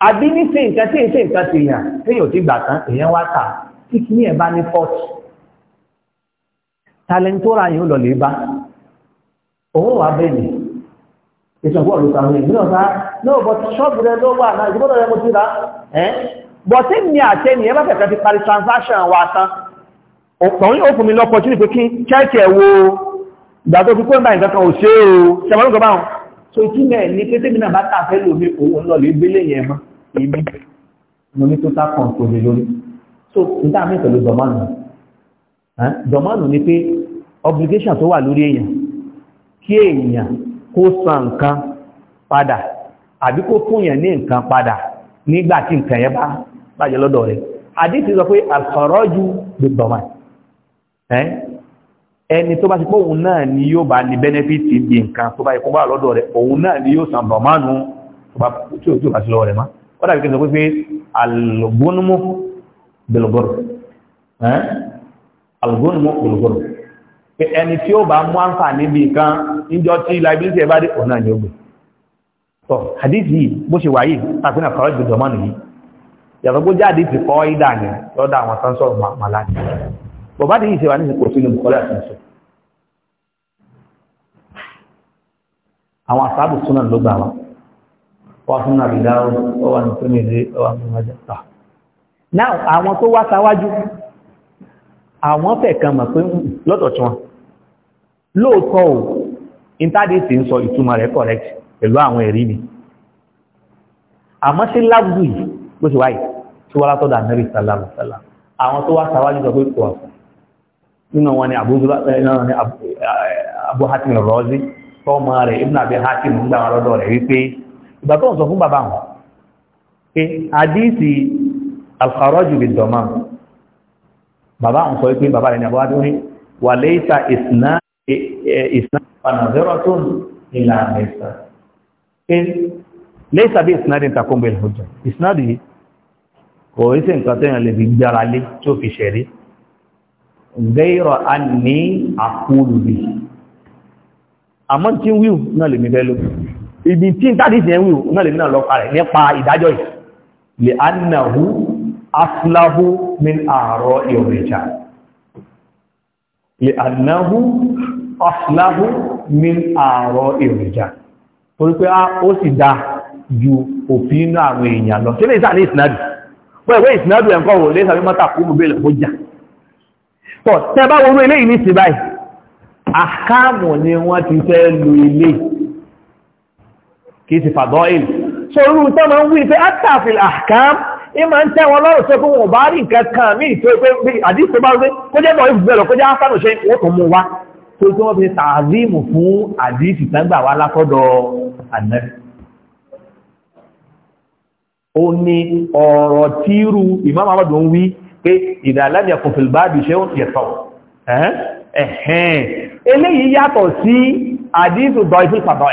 A: àbí ní sí nǹkan tí èyí sí nǹkan ti yàn téèyàn ti gbà tán èèyàn wá tà tí kí ní ẹ̀bá ní fọ́ọ̀tì talentora yóò lọ lè bá òun wà bẹ́ẹ̀ni ìṣọ̀gbọ́n ló sàrùn ìgbìn ọ̀sá náà bọ̀ ṣọ́ọ̀bù rẹ ló wà náà ìgbọ́dọ̀ rẹ mo ti rà ẹ́ bọ̀ tí mi àtẹ́ni ẹ bá fẹ̀fẹ́ ti parí transaction wa tán òpòrí ó fún mi lọ́pọ̀ tí ní pé kí chẹ́ẹ̀kì ẹ̀ wo ìgbà tó fi kó ń kan ò ṣe o ṣẹ̀mọ́ lóko báwọn so ìtumẹ̀ ní pété mi náà bá tà fẹ́ lómi òun lọ lè gbélé yẹn mọ́ èmi mo ní total control lórí so n tá a mi pẹ̀lú dọ̀mánù dọ̀mánù ni pé obligation tó wà lórí èèyàn kí èèyàn kó san nǹkan padà àbí kó fún èèyàn ní nǹkan padà nígbà tí nǹkan yẹn bá bàjẹ́ lọ́dọ̀ rẹ̀ àdìsí sọ pé àkọ̀rọ́jú lè dọ̀mánù ẹni tó bá ti pọ́ òun náà ni yóò bá ní benefit bí nǹkan tó bá ìkúnbà lọ́dọ̀ rẹ̀ òun náà ni yóò san dọ̀mánù tí ó bá sí lọ́wọ́ má ó dàbí kí n sọ pé alùgbónúmọ́ bilgur algun mu bilgur pé ẹni tí ó bá mú àǹfààní bíi kan níjọ tí liability ẹ bá dé ọ̀nà ni ó gbé tọ hadith yìí bó ṣe wáyé àfihàn kọ̀rọ̀ ju dọ̀mọ́ nìyí yàtọ̀ bó jáde ti kọ́ ìdá ni lọ́dọ̀ àwọn tán sọ̀rọ̀ màlá ni bọ̀bá ti yìí ṣe wà ní ìsìnkú sínú bukọ́lẹ̀ àtúnṣe àwọn àsáàbù súnà ló gbà wá wọ́n fún nàbìdá ọwọ́ àti tómi ìdí ọwọ́ àti mọ́jà tàà now àwọn tó wá sáwájú àwọn fẹ́ kan mọ̀ pé lọ́dọ̀ tí wọn lóòótọ́ ò intadisi ń sọ ìtumọ̀ rẹ̀ correct pẹ̀lú àwọn ẹ̀rí ni àmọ́ sí lábùdù yìí ló ti wáyé tí wọ́n látọ̀dọ̀ ànábì sàlámù sàlámù àwọn tó wá sáwájú sọ pé kò wà fún nínú wọn ni Abu eh, eh, Hatim Razi tọ́mọ rẹ̀ Ibn Abi Hatim ń gbà wọn lọ́dọ̀ rẹ̀ wípé ìgbà tó ń sọ fún bàbá wọn pé àdíìsì alkharaju bi dọ̀mà bàbá ń sọ pé bàbá rẹ̀ ní àbúrò adúlé wà léyìíta ìsìnà ìsìnà e, panazero tó ń
B: ilà mẹ́sà
A: pé léyìíta bí ìsìnà dín takó ń bẹ lọ́jọ́ ìsìnà dì í kò í sì nǹkan tẹ́yàn lè fi gbára lé tó fi ṣẹ̀rí gẹ́rọ a ní àkúrù bí tí ń wíwù náà lè mi ló ibi tí ń tàbí ìsìn wíwù náà lè mi náà lọ́pàá rẹ̀ nípa ìdájọ́ yìí lè á nà hù aslahu min àárọ̀ ìrìjà lè ànáhú aslahu min àárọ̀ ìrìjà torí pé ah, ó sì dá ju òfin inú àwọn èèyàn lọ tí lè sáà ní ìsinádù pẹ̀lú ìsinádù ẹ̀kọ́ wò lè sàrí mọ́ta kú mú bèèrè fójà tọ́ tẹ́ bá wọ́n ilé ìní sí báyìí àkáàmù ni wọ́n ti fẹ́ lu ilé kìí sì fàdọ́ ìlú so irú tọ́ ma ń wí pé átàfil àkáàmù ní máa ń tẹ́ wọn lọ́rùn sọ pé wọn ò bá rí nǹkan kan mí ìtò pé àdìsí bá wípé kó jẹ́ bọ̀ ìfúnbẹ̀ lọ kó jẹ́ áfánù ṣe wọ́n tó mú wa tó tí wọ́n fi tààzíìmù fún àdìsí tágbà wa látọ́dọ̀ ànábì. ó ní ọ̀rọ̀ tíru Imam Ahmad ń wí pé ìdàlámì àkọfẹ̀lbáàbì ṣe ń yẹ̀tọ̀ eléyìí yàtọ̀ sí àdìsí dọ̀ ìfúnpàdọ̀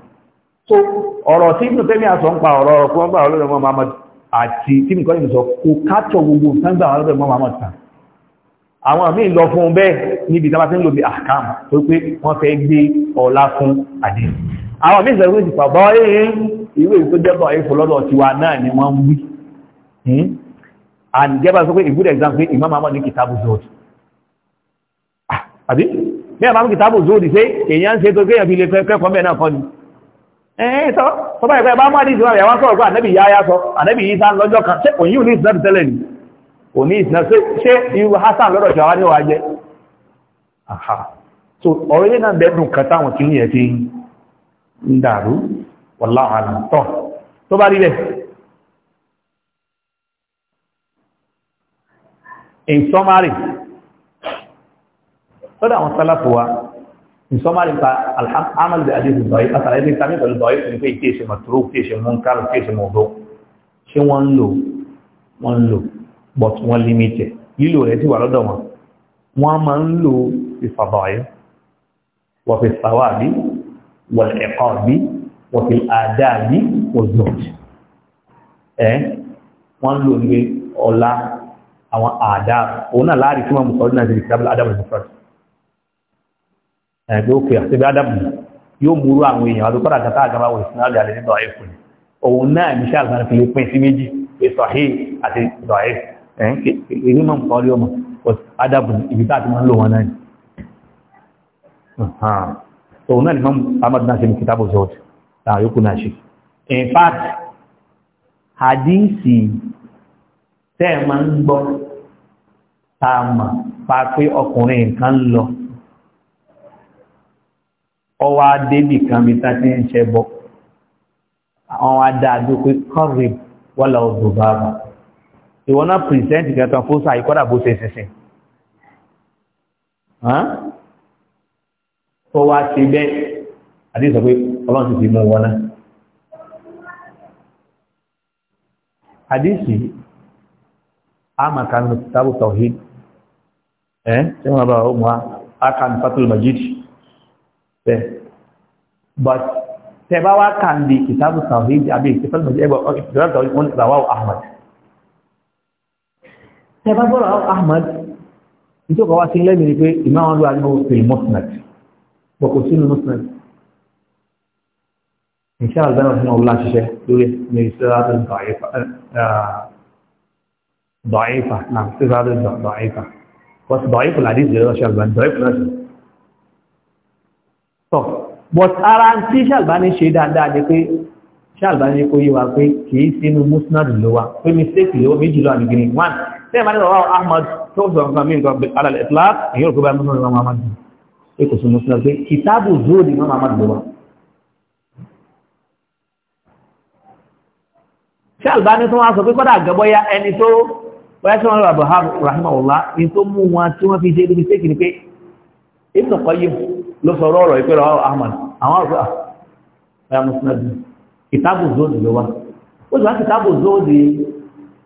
A: so ọ̀rọ̀ tí inú tẹ́mí àsọ ń pa ọ̀rọ̀ ọ̀rọ̀ fún ọgbà ọlọ́dọ̀ mọ́ Muhammad àti tí nìkan ìrìnsọ kò kátọ̀ gbogbo ìtàngbà ọlọ́dọ̀ mọ́ Muhammad tàn àwọn àmì lọ fún bẹ́ẹ̀ níbi tí a bá ti ń lò bí àkàm tó pé wọ́n fẹ́ gbé ọlá fún àdé àwọn àmì ìsẹ̀rú ti pàbọ́ èèyàn ìwé tó jẹ́bọ̀ ẹ̀fọ́ lọ́dọ̀ tiwa náà hmm? Imam Ahmad ní kìtàbù zodi ah, àbí bí àmàmù kìtàbù zodi pé èèyàn ń ṣe tó ni ẹ̀yìn eh, eh, sọ sọba ìfẹ́ bá máa dìsí àwọn sọ̀rọ̀ pé ànẹ́bì yáyá sọ ànẹ́bì yìí sáà lọ́jọ́ kan ṣe òyìn ò ìsinà tẹ́lẹ̀ ní ò ìsinà ṣe irú Hassan lọ́dọ̀ ṣàwá ní wájẹ́ àhà so ọ̀rọ̀ yẹ́ náà kan táwọn ti ń dàrú tọ́ tó bá rí bẹ́ẹ̀ in summary lọ́dọ̀ àwọn wa ìsọmọ́lì pa alhamdu bí adéhùn dọ̀yí pàtàkì ẹni tàbí pẹ̀lú dọ̀yí tó ní pé kí èṣe mọ̀tòrò kí èṣe mọ̀nkárò kí èṣe mọ̀dọ́ ṣé wọ́n ń lò wọ́n ń lò but wọ́n límítẹ̀ lílò rẹ̀ ti wà lọ́dọ̀ wọn wọ́n máa ń lò ìfàbọ̀yí wọ́n fi sàwà bí wọ́n ẹ̀kọ́ bí wọ́n fi àdá bí wọ́n zọ̀ọ̀tì ẹ̀ wọ́n lò ní ọlá àwọn àdá òun náà láàrín tí wọ́n mú sọ́dún náà ẹgbẹ́ òkè àti bí ádámù yóò múrú àwọn èèyàn àti kọ́dà kàtà àgbà wọ̀ ìsinmi àgbà lè ní dọ̀ ẹ̀fù ni òun náà ní sáà gbára fi lè pín sí méjì ètò àhí àti dọ̀ ẹ̀fù èyí mọ̀ nǹkan rí ọmọ ádámù ibi tá a in fact hadisi tẹ́ ẹ̀ máa ń gbọ́ tá ọkùnrin nǹkan lọ ọwọ́ adébì kan bí tàbí ń ṣe bọ́ àwọn adáadó pé kọ́rì wọ́lá odò bá bá ìwọ́n náà pìrìsẹ́ntì kẹta fún sáà ìkọ́dà bó ṣe ṣẹṣẹ tó wá ṣe bẹ́ẹ̀ àti sọ pé ọlọ́run ti fi mú wọn náà àdíṣì àmàkánù tábùtà òhìn ẹ́ tí wọ́n bá ọmọ akánù fatul majid bẹ́ẹ̀ but tẹ bá wá kà ń di kìtàbù tàwíìdì àbí ìtìfẹ́lú mẹ́jẹ ẹgbẹ́ ìtìfẹ́lú tàwíìdì wọn ìgbàwáwò ahmad tẹ bá bọ́rọ̀ ahmad nítorí ọkọ̀ wá sí lẹ́mìí ni pé ìmọ̀ àwọn olùwà ní oṣù musnad bọ̀kù sínú musnad ìṣẹ́ àgbẹ̀rẹ̀ ọ̀sán náà wúlá ṣiṣẹ́ lórí ní ìṣẹ́lẹ̀ dọ̀ọ́ìfà náà ìṣẹ́lẹ̀ dọ̀ọ́ìfà tọ̀ but ara tí ṣàlbáni ṣe dáadáa ni pé ṣàlbáni kò yí wa pé kìí sínú musnad ló wa pé mistake ló méjì lọ àmì gini one tẹ́ẹ̀ máa ní ọ̀rọ̀ ahmad tó sọ nǹkan mí nǹkan alal itlaq èyí ò kó bá musnad imam ahmad pé kò sí musnad pé kìtàbù zuhud imam ahmad ló wa ṣàlbáni tó wá sọ pé kọ́dà gẹ́bọ́yá ẹni tó wọ́n ṣe wọ́n lọ́wọ́ àbúhá rahimahullah ní tó mú wọn tí wọ́n fi ṣe ibi mistake ni pé ibn qayyim ló sọ ọ̀rọ̀ ìpẹ́rọ ahmad àwọn àgbà ẹ̀yà ah, mùsùlùmí kìtàbù zóòdì ló wá ó sì wá kìtàbù zóòdì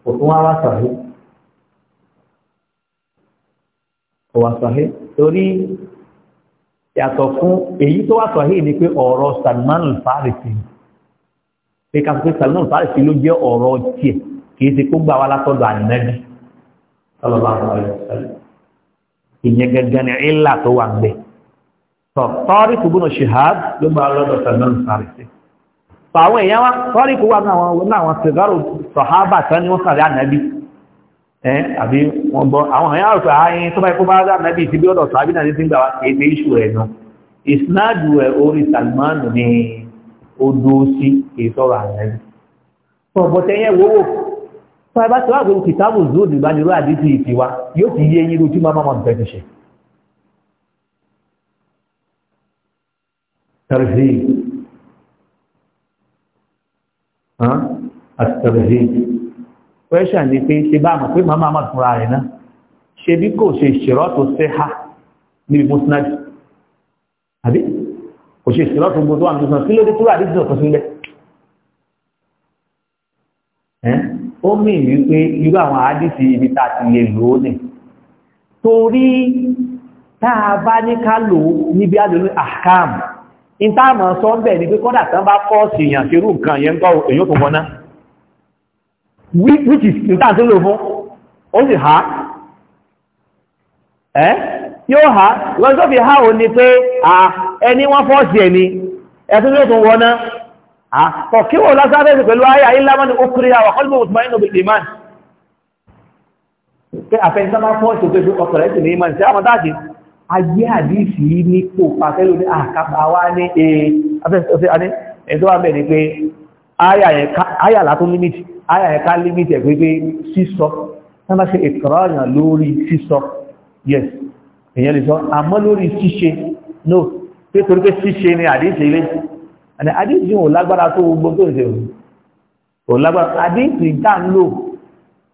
A: òtún wá wá sàhé ọ̀wà sàhé torí yàtọ̀ fún èyí tó wá sàhé ni pé ọ̀rọ̀ salman al-farisi pé ká pé salman al-farisi ló jẹ́ ọ̀rọ̀ tiẹ̀ kì í ṣe kó gbà wá látọ̀dọ̀ ànínẹ́bí
B: sallallahu alaihi
A: wasallam ìyẹn gẹ́gẹ́ ni ìlà tó wà ń tọ́rí kò gbónà ṣihad ló bá lọ́dọ̀ tẹ̀lọ́ sáré sí pàwọn èèyàn wá tọ́rí kò wà náà wọn sẹ̀gárò sọ̀hábà tán ni wọ́n sáré ànábì ẹ́ àbí wọ́n bọ́ àwọn èèyàn rò pé ààyìn tó bá ikú bá ànábì ti bí ọ̀dọ̀ náà ti ń gbà wá Salman ni ó sí ànábì ترهيب àtẹ̀lẹ̀hìn pẹ́ṣà ní pé ṣe bá mọ̀ pé màmá máa fúnra rẹ̀ náà ṣe bí kò ṣe ṣèrọ́tò sẹ́hà níbi mọ́sánàjì àbí kò ṣe ṣèrọ́tò gbogbo àwọn ìṣàn sílódé tó rà dídì ọ̀tọ̀ sílẹ̀ ó mì wípé irú àwọn àádìsí ibi tá a ti lè lò ó nì torí tá a bá ní ká lò ìtààmà sọ ń bẹ̀ ní pé kọ́dà tán bá fọ́ọ̀sì èèyàn tí rú nǹkan yẹn ń kọ́ èyàn tó fọ́ná which is ìtàà tó lò fún ó sì ha ẹ́ yóò ha lọ́jọ́ fi ha ò ní pé ẹni wọ́n fọ́ọ̀sì ẹni ẹ̀tún yóò tó wọ́ná tọ̀kíwò lásàbẹ̀sì pẹ̀lú ayà ìlàmọ́ni ó kiri àwọn ọlọ́mọ̀ òtùmáyìn òbí ìmán pé àfẹ́ ìsámá fọ́ọ̀sì òkèṣù ọkọ̀rẹ́ sì ní ìmán sí àwọn táàkì agbé àdísì nípò pàtẹ́lò ní àkàbà wá ní ẹ̀ẹ́sọ́wà eh, mẹ́rin pé ayà látún límìtì ayà ẹ̀ká límìtì ẹ̀ pé sísọ náà ṣe ìkọ̀rọ̀yàn lórí sísọ yes èyàn lè sọ àmọ́ lórí ṣíṣe no pé torí pé ṣíṣe ni àdísì ilé àdísì ò lágbára tó gbogbo tó ṣe ò lágbára àdísì tá ń lò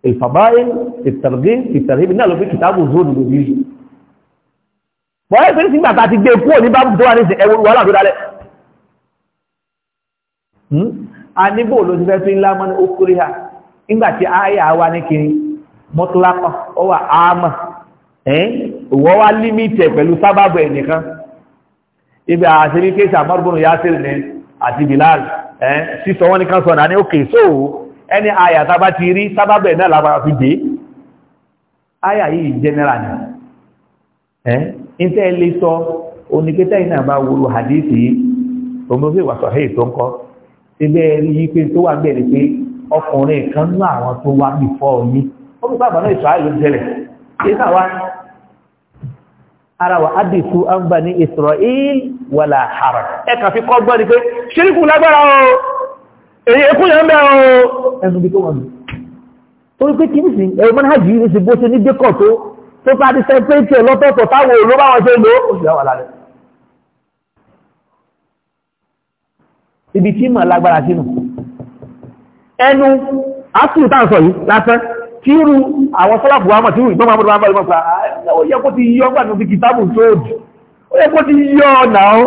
A: ìfàbáyé ìtàrgé ìtàrgé náà lọ fi kìtàbù zóòdù bọ́ọ̀ ẹ̀sẹ̀ nígbà tá a ti gbé kúrò ní bábù tó wà ní ẹwọ wàhálà tó dálẹ̀ hmm? a níbò ló ti fẹ́ fi ńlá mọ́ ní okúrí ha nígbà tí wa ní kiri mọ́tòlápọ̀ ó wà áàmọ̀ wọ́n wá límítẹ̀ pẹ̀lú sábàbù ẹ̀ ibi àṣírí yá sí ní àti bilal sísọ ǹtẹ́ lè sọ oníkẹta iná bá wúrú hadithi yìí omofin wà tó ń kọ́ síbẹ̀ rí pé tó wà bẹ̀rẹ̀ pé ọkùnrin kan ní àwọn tó wá bí fọ́ yín ó fi náà ara wa adìsú ní wàlà ẹ fi kọ́ gbọ́ ni pé ṣíríkù lágbára o èyí èkú yẹn o ẹnu bí tó wà mí torí pé kí ní sìn ẹ̀rọ ní tó bá ti sẹpẹ́tì ọlọ́tọ̀ọ̀tọ̀ táwọn òun ló bá wọn ṣe lò ó sì dáwà lálẹ́. ibi tí mọ̀ lágbára sínú ẹnu ápùlù tá à ń sọ yìí lásán tí irú àwọn sọ́làpù wa mọ̀ tí irú ìgbọ́n máa mọ̀ lọ́wọ́ pa ah, ó yẹ kó ti yọ ọgbà tó fi kìtàbù tó jù ó yẹ kó ti yọ ọ̀nà ó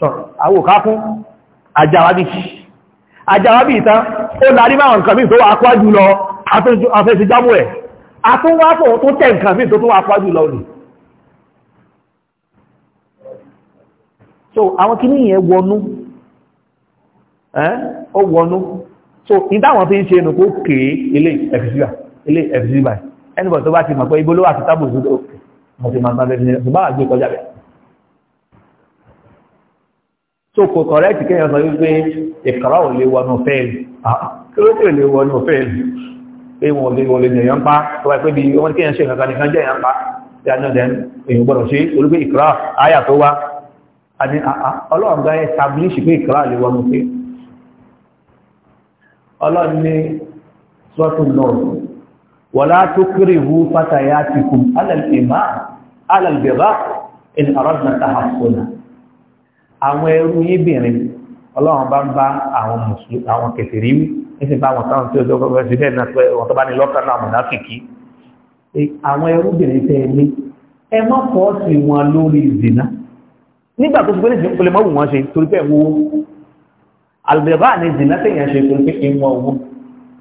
A: sọ̀rọ̀ àwọn òkà fún àjàwábì àjàwábì ìtàn ó larí máa nǹkan mí tó wà á kọ́ jù lọ afẹ́sẹ̀ jámù ẹ̀ àtúnwáfò tó tẹ́ nǹkan mí tó tún wà pàájú lọ nì so àwọn kìíní yẹn wọnú ọ wọnú so ìdáwọn fi ń ṣe nùkú kèé ilé ẹ̀fìsíbà ilé ẹ̀fìsíbà ẹnìbọ̀ tó bá ti mọ̀ pé ibo ló wà sí tábù ìsúdó mo ti máa sáré nílẹ̀ ṣùgbọ́n àgbé kọjá bẹ̀ so kò kọ̀rẹ́ẹ̀tì kéèyàn sọ wípé ìkàrà ò lè wọnú fẹ́ẹ̀lì ah, kí ló kèrè lè pé wọn lè wọ́n lè yẹ̀yàn pa tó wáyé pé bí wọ́n kí yẹn ṣe ìrìnkan nìkan jẹ́ yẹ̀yàn pa tí a náà dẹ̀ èyàn gbọ́dọ̀ ṣe olùgbé ìkra àyà tó wá àti ọlọ́run ala al ala al-bigha in aradna tahassuna àwọn ẹrú yín bìnrin ọlọ́run bá ń bá àwọn kèfèrí níbi bá wọn táwọn tí ó jọ president náà pé wọn tó bá ní lọ́kàn náà mùnáfìkì àwọn ẹrúbìnrin tẹ ẹ ní ẹ má fọ́ọ̀sì wọn lórí ìdènà nígbà tó ti pé nísìnyí pẹ̀lẹ́ mọ́wù wọn ṣe torí pé ẹ̀wọ́ àlùbẹ̀bá ní ìdènà tẹ̀yàn ṣe torí pé ìwọ̀n owó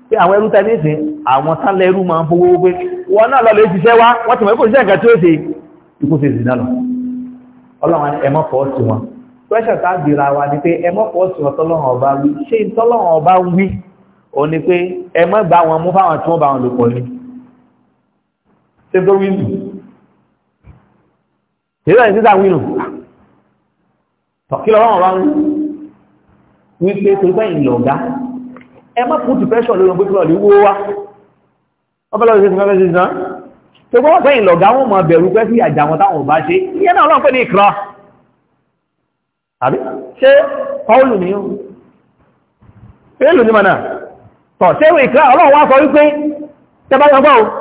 A: pé àwọn ẹrú tẹ nísìn àwọn sálẹ̀ ẹrú máa ń fowó pé wọn náà lọ́lọ́ ìṣiṣẹ́ wá wọ́n ti mọ̀ ẹ̀kọ́ tá a gbèrà wa ni pé ẹ má fọ́ọ̀sì wọn tọ́lọ́run ọba wí ṣé tọ́lọ́run ọba wí o ní pé ẹ má gbà wọn mú fáwọn tí wọ́n bá wọn lò pọ̀ ní ṣébó wínú ìrọ̀ ìsíta wínú tọ̀kí lọ́wọ́ wọn wípé tó gbẹ́ ìlọ̀gá ẹ má kú ti fẹ́ṣọ̀ lórí ọgbẹ́ púpọ̀ lówó wá ọbẹ̀lọ́ ìṣẹ́ ìṣẹ́ ìṣẹ́ ìṣẹ́ tó gbọ́wọ́ sẹ́yìn lọ̀gá wọn mọ̀ bẹ̀rù pẹ́ sí àjà wọn táwọn bá ṣe ìyẹn náà lọ́pẹ́ ní ìkra àbí ṣé paulu ni ó pẹ́lú ní mana tọ̀ ṣéwì ìkìlá ọlọ́run sọ wípé tẹbàtàgbọ́ ọlọ́run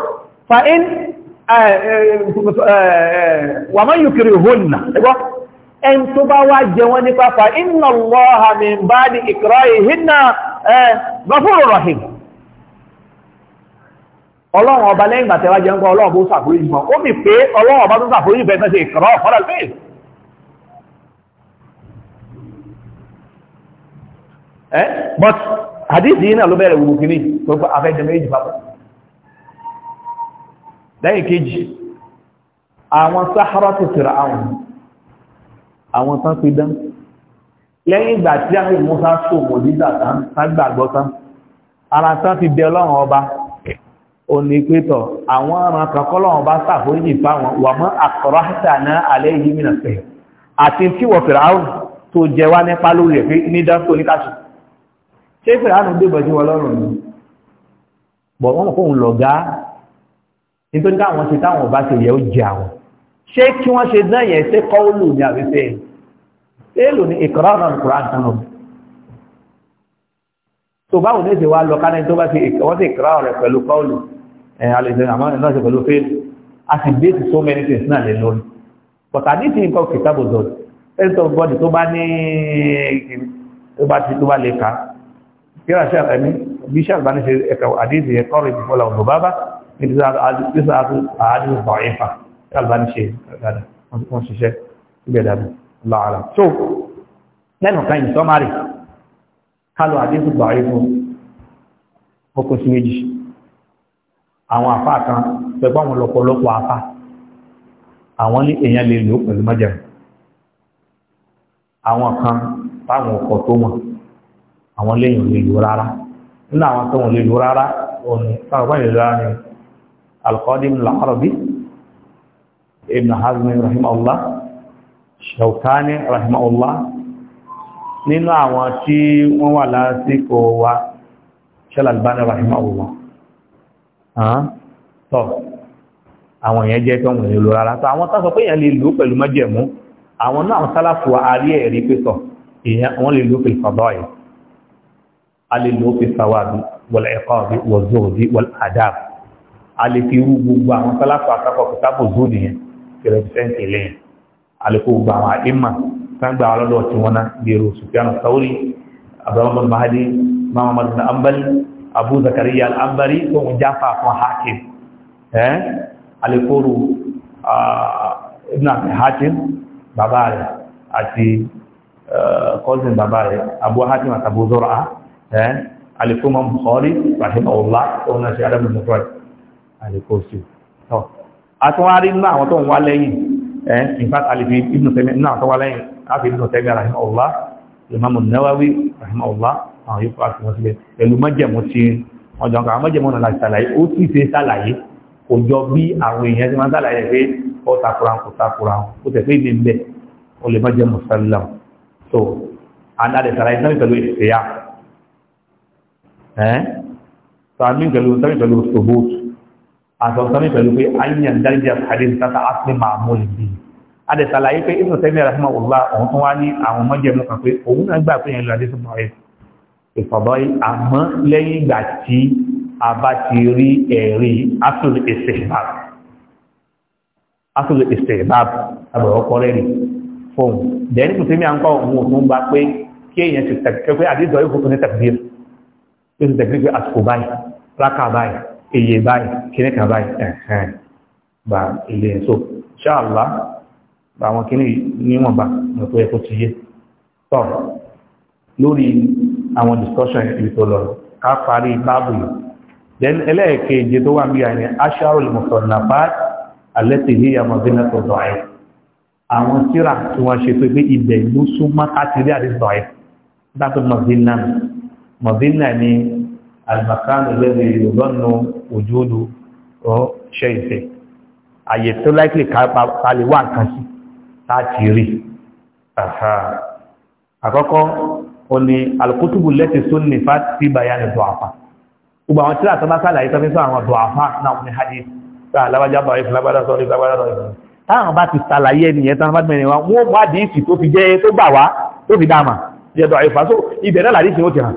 A: ọba lẹ́yìn jẹun kọ́ ọlọ́run bó ó mì pé ọlọ́run ọba tó ìkọ̀rọ̀ ọ̀fọ́dà àdíìsì yìí náà ló bẹ̀rẹ̀ gbogbo kìíní pẹ̀lú afẹ́jẹ méjì papọ̀ lẹ́yìn kejì àwọn sáhárá ti tìrà àwọn àwọn tán fi dán lẹ́yìn ìgbà tí àwọn ìmúsá sòmò dídà tán ságbàgbọ́ tán ara tán fi bẹ ọlọ́run ọba òní pétọ̀ àwọn ọ̀ràn kankọ́lọ́run bá sàfóyìn fáwọn wà mọ́ àkọ̀rọ̀ àtàná àlẹ́ yìí mìíràn pẹ̀ àti tí wọ̀ fìrà áwùn tó jẹ wá nípa lórí ẹ̀ pé ní dáńtò ní káṣù ṣé fìràánù gbé bọ̀jú wọn lọ́rùn ni bọ̀ wọ́n mọ̀ kóhun lọ̀gá nítorí táwọn ṣe táwọn ọba ṣe yẹ ó jẹ àwọn ṣé kí wọ́n ṣe náà yẹn ṣé kọ́ọ̀lù ni àbí fẹ́ èèlò ni ìkọ́rọ̀nà kùrán kan lọ tó báwo ní èsì wa lọ ká náà tó bá ṣe wọ́n ṣe ìkọ́rọ̀ pẹ̀lú kọ́ọ̀lù ẹ̀ alẹ́sẹ̀ àmọ́ ẹ̀ náà so many things náà lè lórí but àdìsí nǹkan kìtàbọ̀dọ̀ ẹ̀ tó bọ́dì tó bá ní tó bá lè kàá kíra sí àkàní bí iṣẹ́ àgbà ní ṣe ẹ̀kà àdíjì ẹ̀kọ́ rẹ̀ bí fọ́lá ọ̀dọ̀ bábá ní ti sáàtú àádìí bọ̀ ẹ̀fà kí àgbà ní ṣe dáadáa wọ́n ṣiṣẹ́ ibẹ̀ dáadáa láàrá so lẹ́nu kan yìí sọ́márì kálọ̀ àdíjì bọ̀ ẹ̀fọ́ ọkọ̀ sí méjì àwọn àfá kan pẹ̀pọ̀ àwọn lọ́pọ̀lọpọ̀ àfá àwọn ní èèyàn lè lò pẹ̀lú májẹ̀mú àwọn kan táwọn ọkọ̀ tó wọn àwọn lẹ́yìn lè lò rárá nínú àwọn tó wọn lè lò rárá òní sábà lè rárá ni alqadi ibn al-arabi ibn hazm rahimahullah shaukani rahimahullah nínú àwọn tí wọ́n wà lásìkò wa shalalbani rahimahullah tọ́ àwọn èèyàn jẹ́ tó wọn lè lò rárá tó àwọn tó sọ pé èèyàn lè lò pẹ̀lú májẹ̀mú àwọn náà sálàfù àárí ẹ̀rí pé èèyàn wọ́n lè lò pẹ̀lú fàbọ́ yìí a lè lò ó fi sàwábì wọlé ẹ̀kọ́ ọ̀bí wọ̀zọ́ọ̀bí wọlé àdáàbò a lè fi irú gbogbo àwọn sálàfà àkàkọ̀ kìtàbù zoo nìyẹn kìrẹ́sìtẹ́ǹtì lẹ́yìn a lè kó gbogbo àwọn àìmà sáńgbà ọlọ́dọ̀ tí wọ́n ná bí irú Sufyanu Sauri abdulhamid mahadi mahamad bin ambali abu zakariya al-ambari tó ń fún hakim ẹ́ a lè kóru ibn àti cousin bàbá abu hatim àti abu zora Eh? alikuma Bukhari rahimahullah tó náà ṣe adam mufrad alikosi tọ́ àtúnwárí nínú àwọn tó ń wá lẹ́yìn eh? in fact alifi ibn tẹ́mẹ́ nínú àwọn tó wá lẹ́yìn láti ibn tẹ́mẹ́ rahimahullah imam nawawi rahimahullah àwọn yóò fà sí wọn sílẹ̀ pẹ̀lú mọ́jẹ̀mú tí wọ́n jọ ń kọ́ àwọn mọ́jẹ̀mú náà láti ṣàlàyé ó sì ṣe ṣàlàyé kò jọ bí àwọn èèyàn ti so and àdẹ̀sàlàyé náà pẹ̀lú ìṣẹ́yà ẹ́ eh? sàmì pẹ̀lú sàmì pẹ̀lú ṣòbótù àtọ̀ sàmì pẹ̀lú pé àyíyàn dáríjà hadith tata asli mahmud bi adẹ̀sàlàyé pé ibùn sẹ́mi àràfíà ọ̀la ọ̀hún tó wá ní àwọn ọmọjẹ̀mú kan pé òun náà gbà pé yẹn lọ adéṣù bọ̀ẹ́ ìfọ̀bọ̀ àmọ́ lẹ́yìn ìgbà tí a bá ti rí ẹ̀rí asul istihbab asul istihbab àbẹ̀wọ̀ kọ́rẹ́ rí fóun dẹ́ni ibùn sẹ́mi à ń kọ́ òun òun gbà pé kí èèyàn ti tẹ̀kẹ́ ó ti tẹ̀sí pé àsìkò báyìí rákà báyìí èyè báyìí kìnnìkan báyìí ẹ̀hẹ́n gba ilé ẹ̀sọ́ ṣáàlá àwọn kìnnì níwọ̀nba mo tó yẹ kó ti yé tọ́ lórí àwọn discussion ibi tó lọ ká parí báàbù yìí then ẹlẹ́ẹ̀kejì tó wà ń bí i àyẹ̀ asharul musannafat allati hiya madinatu da'if àwọn tíra tí wọ́n ṣe pé ibẹ̀ ló súnmọ́ káàkiri àdìsọ̀ ẹ̀ dábẹ́ mọ̀dínà mọ̀dínà ni alìmọ̀kánù lẹ́nu ìlúlọ́nù òjòlù ọ́ ṣe ìfẹ́ àyè tó láìpẹ́ kalẹ̀ wà nǹkan sí láti rí àkọ́kọ́ o ni alùkútùbù lẹ́tì sunni fa ti bàyá ní dọ̀àfà gbogbo àwọn tíra tọ́lá sàlàyé tọ́fí sọ àwọn dọ̀àfà náà ní hajj tá alábájá bá ìfún lágbádá sọ ní lágbádá sọ ìfún táwọn bá ti sàlàyé ènìyàn tán bá mẹ́rin wa wọ́n wá dìísì tó fi jẹ́ tó gbà wá tó fi dáàmà jẹ́ dọ̀àfà so ibẹ̀ náà làdísì ó ti hàn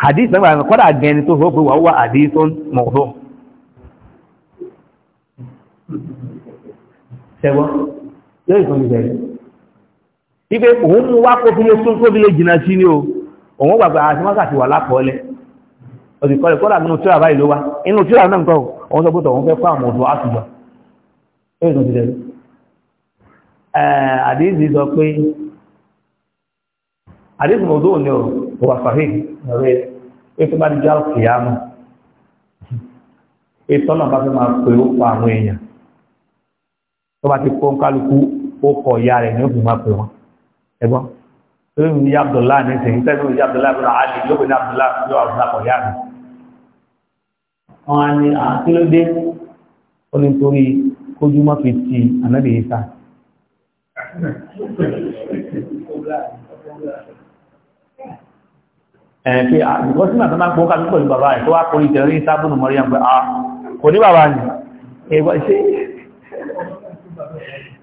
A: hadith nígbà àwọn kọ́dà gẹni tó sọ pé wà wà hadith mọ̀ọ́dọ́ ṣẹwọ́ yóò ìtàn ìbẹ̀rẹ̀ ipe òun mú wá kó fílé sún kó fílé jìnnà sí ni o òun gbàgbà àti wọ́n sàti wà lápọ̀ọ́lẹ̀ ọdún kọ́lẹ̀ kọ́lá nínú tíra báyìí ló wá inú tíra náà nǹkan òun sọ pé òun fẹ́ kọ́ àwọn ọ̀dọ́ àtùjọ yóò ìtàn ìbẹ̀rẹ̀ àdéhìí sọ pé àdéhùn odó ni ó wà fàáhì rẹ̀ ètò bá dìjọ́ àkìyàmù ètò náà bá fi máa pè ó pa àwọn èèyàn tó bá ti kó kálukú ó kọ ìyá rẹ̀ ní ó fi máa pè wọn ẹgbọ́n lórí mi yá Abdullahi ní sèyí sẹ́yìn mi yá Abdullahi bọ́ra àdé lóko ní Abdullahi yóò Abdullahi kọ̀ yá mi. wọn á ní àkílódé ó ní torí kójú má fi ti ànábìyí sáà ẹ̀kí àgbẹ̀kọ́símà tó máa gbọ́ kàbí pẹ̀lú bàbá ẹ̀ tó wá kò ní tẹ̀rí sábùnù mọ́ríyàn pé àà ah, kò ní bàbá ní ẹgbẹ́ ṣe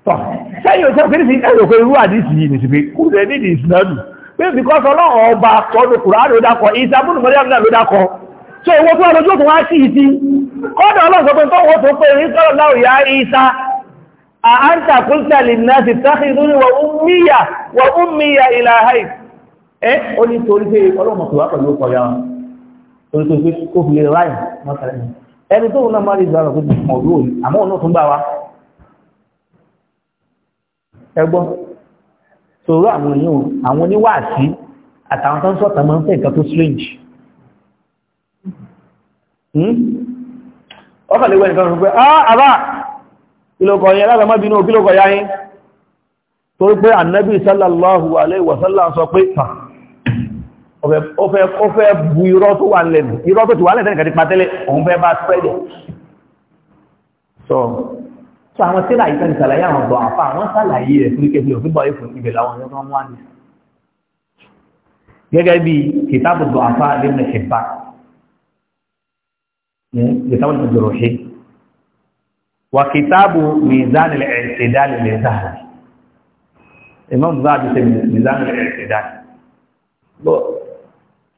B: tọ̀ sẹ́yìn òṣèlú
A: kìí sí ẹ̀rọ pé irú àdísì yìí nìsìnkú kú sí pé tó ẹ́ ó ní torí pé ọlọ́mọ tó wá pẹ̀lú ọkọ̀ ya torí pé kó fi lè ráyìn mọ́tàlẹ́ mi ẹni tó ń náà má lè gba ọ̀rọ̀ tó mọ̀ lóòrì àmọ́ ọ̀nà tó ń bá wa ẹ gbọ́ sọ̀rọ̀ àwọn yìí àwọn oníwàásí àtàwọn tó ń sọ̀tà máa ń fẹ́ nǹkan tó strange ọkọ̀ hmm? lè wẹ́ nǹkan tó pé ah àbá kílòkọ̀ yẹn lábàmọ́bìnú kílòkọ̀ yá yín torí pé ànábì sallallahu alaihi wasallam sọ pé fà ọfẹ́ bu irọ́ tó wà lẹ́nu irọ́ tó ti wà lẹ́nu kàtí pàtẹ́lẹ̀ òun fẹ́ bá pẹ́lẹ̀ so so àwọn tíra ìfẹ́ ìsàlàyé àwọn ọ̀dọ̀ àfà àwọn sàlàyé rẹ̀ fún ìkẹfẹ́ òfíbọ̀ ìfún ibẹ̀ láwọn ọ̀dọ́ wọn wà ní gẹ́gẹ́ bí kìtàbù dọ̀ àfà lẹ́nu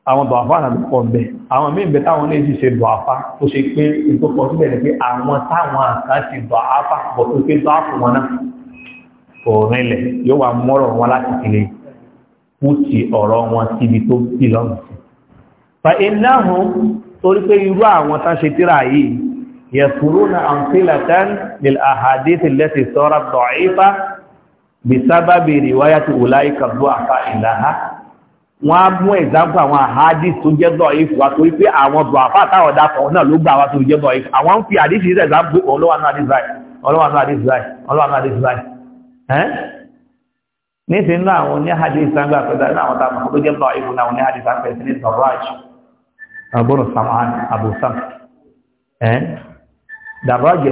A: àwọn dọ̀àfá náà pọ̀ bẹ̀ àwọn míì bẹ̀ táwọn lè jí ṣe dọ̀àfá tó ṣe pé ìtòpọ̀ síbẹ̀ ni pé àwọn táwọn àkà ti dọ̀àfá bọ̀ tó pé dọ̀àfù wọn náà kò rinlẹ̀ yóò wá mọ́rọ̀ wọn láti kiri pútì ọ̀rọ̀ wọn síbi tó bì lọ́nà sí. fa ináhùn wọ́n á mú example àwọn ahadis tó jẹ́ dọ̀ if wà torí pé àwọn bọ̀ àfá àtàwọn dàpọ̀ náà ló gbà wá tó jẹ́ dọ̀ if àwọn ń fi àdísì rẹ̀ example ọlọ́wà náà àdísì báyìí ọlọ́wà náà àdísì báyìí ọlọ́wà náà àdísì báyìí ẹ́n níṣẹ́ nínú àwọn ní ahadis sangba àpẹẹrẹ nínú àwọn táwọn tó jẹ́ dọ̀ if náà ní ahadis àpẹẹrẹ sí ní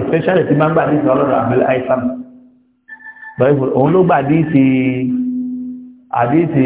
A: especially ti máa ń gbà ní ìsọlọ́dọ̀ àbẹ̀lẹ̀ àìsàn òun ló gbà àdísì àdísì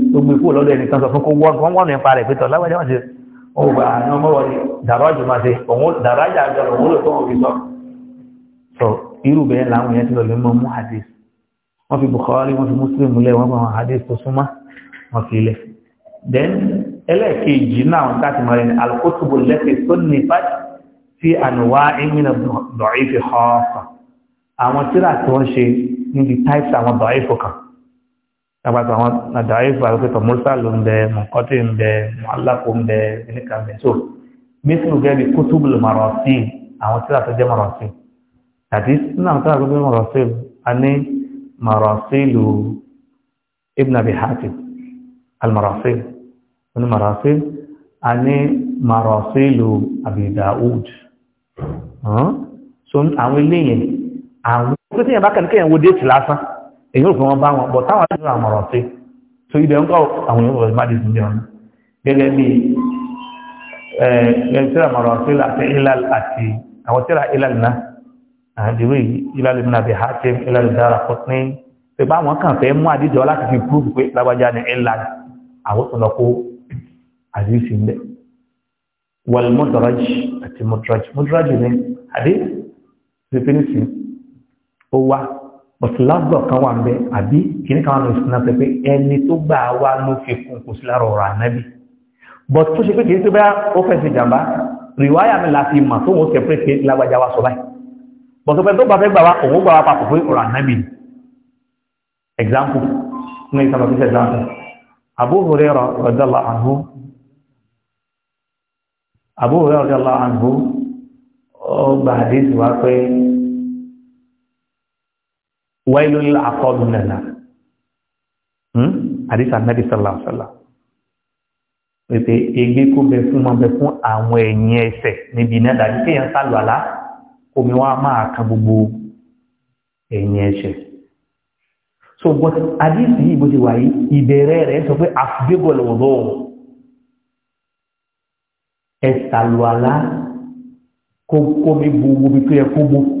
A: tó gbé kúrò lọ́dọ̀ ẹnìkan sọ fún kó wọ́n wọ́n nípa rẹ̀ pẹ́tọ̀ láwájá wọ́n ti wọ́n gba àwọn ọmọ wọlé dàrájù máa ṣe òun dàrájà àjọ òun lò tó wọn fi sọ. sọ irú bẹ́ẹ̀ làwọn yẹn ti lọ lè mọ mú hadith wọ́n fi àwọn then ẹlẹ́ẹ̀kejì náà káàtì mọ́ ẹni al-kutubu lẹ́sẹ̀ tó ní pàtì sí ànúwá ìmìnà dọ̀ífì họ́ọ̀fà àwọn tíra tí wọ́n ṣe níbi types àwọn dọ̀ífì kan agbata àwọn àdáyé ìfàwọ́ pẹ̀tọ̀ mọ́sá ló ń bẹ mọ̀kọ́tì ń bẹ mọ́lákò ń bẹ níka ń bẹ so mísìlù gẹ́gẹ́ kútùbù ló máa rọ̀ sí àwọn tí wàá tó jẹ́ mọ̀rọ̀ sí àti nínú àwọn tí wàá tó jẹ́ mọ̀rọ̀ sí a ní mọ̀rọ̀ lu ibn abi hatim ní mọ̀rọ̀ sí a lu abi daoud hmm? so àwọn eléyìn àwọn tó tẹ̀yìn bá kàn kéèyàn wo déètì lásán èyí ò fi wọn bá wọn bọ̀ táwọn àdúrà àwọn ọ̀rọ̀ sí so ibẹ̀ ń kọ́ àwọn yóò fọwọ́ ìbádìí síbi ọ̀nà gẹ́gẹ́ bí ẹ̀ tíra mọ̀rọ̀ àti ilal àti àwọn tíra ilal náà àdìrú ilal ibn Abi ilal Daraqutni pé bá wọn kàn fẹ́ mú àdíjọ láti fi gúrùpù pé ní ilal àwọn tó lọ kó àdìrú sí ń bẹ̀ wal mudraj àti mudraj mudraj ní àdé pípínísì ó wá bọ̀tìlágbọ̀ kan wà bẹ́ àbí kìíní kan wà lóṣù náà pé ẹni tó gbà wá ló fi kún kò sí lára ọ̀rọ̀ ànábì bọ̀t tó ṣe pé kìíní tó bá ó fẹ́ ṣe jàmbá rìwáyà mi láti mà tó wọ́n tẹ̀pẹ́ pé lágbájá wa sọ báyìí bọ̀t tó pẹ́ tó bá fẹ́ gbà wá òun gbà wá papọ̀ pé ọ̀rọ̀ ànábì ni example ní ìsàmà fi ṣe example Abu Hurairah radiyallahu anhu Abu Hurairah radiyallahu anhu ó gbà wailul akọlùnàlà àdìsá nàbì sàlá sàlá pépé egbé kó bẹ fún ma bẹ fún àwọn ẹ̀yìn ẹsẹ̀ níbi iná dàbí kéèyàn sálù àlá omi wa máa kan gbogbo ẹ̀yìn ẹsẹ̀ so but àdìsí yìí bó ti wà yìí ìbẹ̀rẹ̀ rẹ̀ sọ pé àfibégọ̀lẹ̀ ọ̀dọ́ ẹ̀ sàlù àlá kó kó mi bu omi tó yẹ kó bu.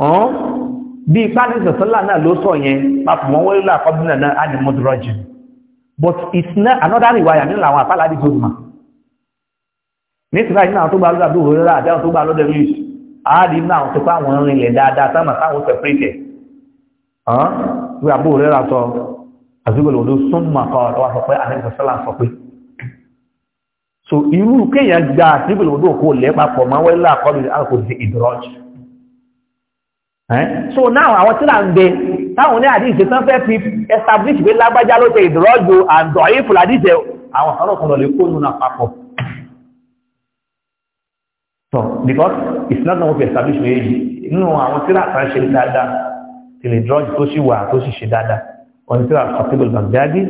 A: ọ̀n bí ipá ní sọ̀sọ́lá náà ló sọ yẹn papọ̀ wọn wọ́n lọ àkọ́bìnà náà á but it's not another riwaya nínú àwọn àpá láti tó mà ní ìsìnká yìí náà tó gba lọ́dọ̀ àdúgbò rẹ̀ àti àwọn tó gba lọ́dọ̀ rí àádìí náà àwọn tó pa àwọn orin ilẹ̀ dáadáa sáwọn sáwọn sẹpẹrẹtẹ ọ̀n wí àbúrò rẹ̀ sọ àdúgbò lòdó súnmọ́ kọ́ ọ̀rọ̀ sọ pé àní sọ̀sọ́lá sọ pé so irú kéèyàn gba àdúgbò lòdó kò lẹ́ papọ̀ máa wẹ́lá àkọ́bìnà àkọ́bìnà ìdúrọ́jì so now àwọn tí là ń gbé táwọn ní àdíṣe tán fẹ́ fi establish pé lágbájá ló tẹ ìdúrọ́jù àǹdọ̀ ìfù làdíṣe àwọn ọ̀rọ̀kùnrin lè kónú náà papọ̀ so because it's not going to be established with age nínú àwọn tí làtà ṣe dáadáa tí lè drug tó ṣì wà tó ṣì ṣe dáadáa wọn tí làtà àtibọ̀ gbàgbáàdì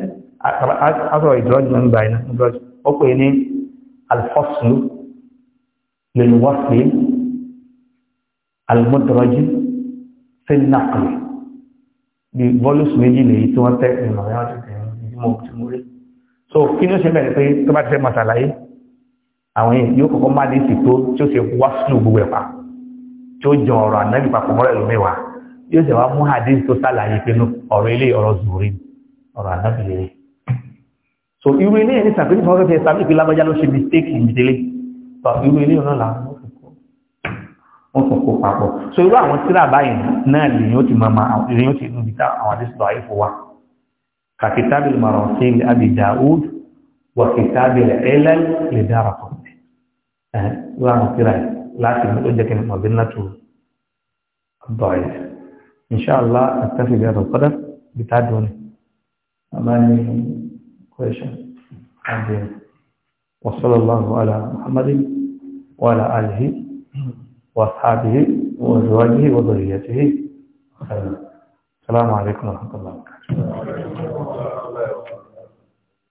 A: àtọ̀ ìdúrọ́jù náà ń gbà iná ìdúrọ́jù ó pè ní alfọ́sùn lè wọ́pẹ́ almọ́dọ́rọ́jù fẹ́nàkùn bí volus méjì lèyí tí wọ́n tẹ́ ìmọ̀ yá ti tẹ̀ mọ́ ti mú rí so kí ní ó ṣe bẹ̀rẹ̀ pé tó bá ti fẹ́ màṣàlàyé àwọn yìí yóò kọ́kọ́ má dé ìsìtó tí ó ṣe wá sínú gbogbo ẹ̀pà tí ó jọ ọ̀rọ̀ ànábì papọ̀ mọ́rẹ̀ ló mẹ́wàá yóò ṣe wá mú hadith tó ṣàlàyé pé ọ̀rọ̀ ilé ọ̀rọ̀ zùrí ọ̀rọ̀ ànábì lè rí so irú ilé yẹn ní sàpéjì fún ọ̀rọ̀ fi ẹ̀sàmì ìpínlẹ̀ abájá ló ṣe mistake ìdílé irú ilé yẹn náà wọ́n tún kó papọ̀ so irú àwọn tíra báyìí náà lèyìn ó ti máa máa lèyìn ó ti níbi bita àwọn àdéṣùlọ ayé fún wa kàkítàbí lè màrán sí ilé abi daoud wà kìtàbí lè ẹlẹ lè dára tó ẹ irú àwọn tíra yìí láti ní ó jẹ́ kí ni mọ̀bí náà mobi bọ̀ ẹ̀ inṣàlá àtàfi bí a tó kọ́dá bí tá dùn ní. àmà ní kwẹ́sàn àbí wasalaamu ala muhammadin wa ala alihi. وأصحابه وأزواجه وذريته خيرا السلام عليكم ورحمة الله
B: وبركاته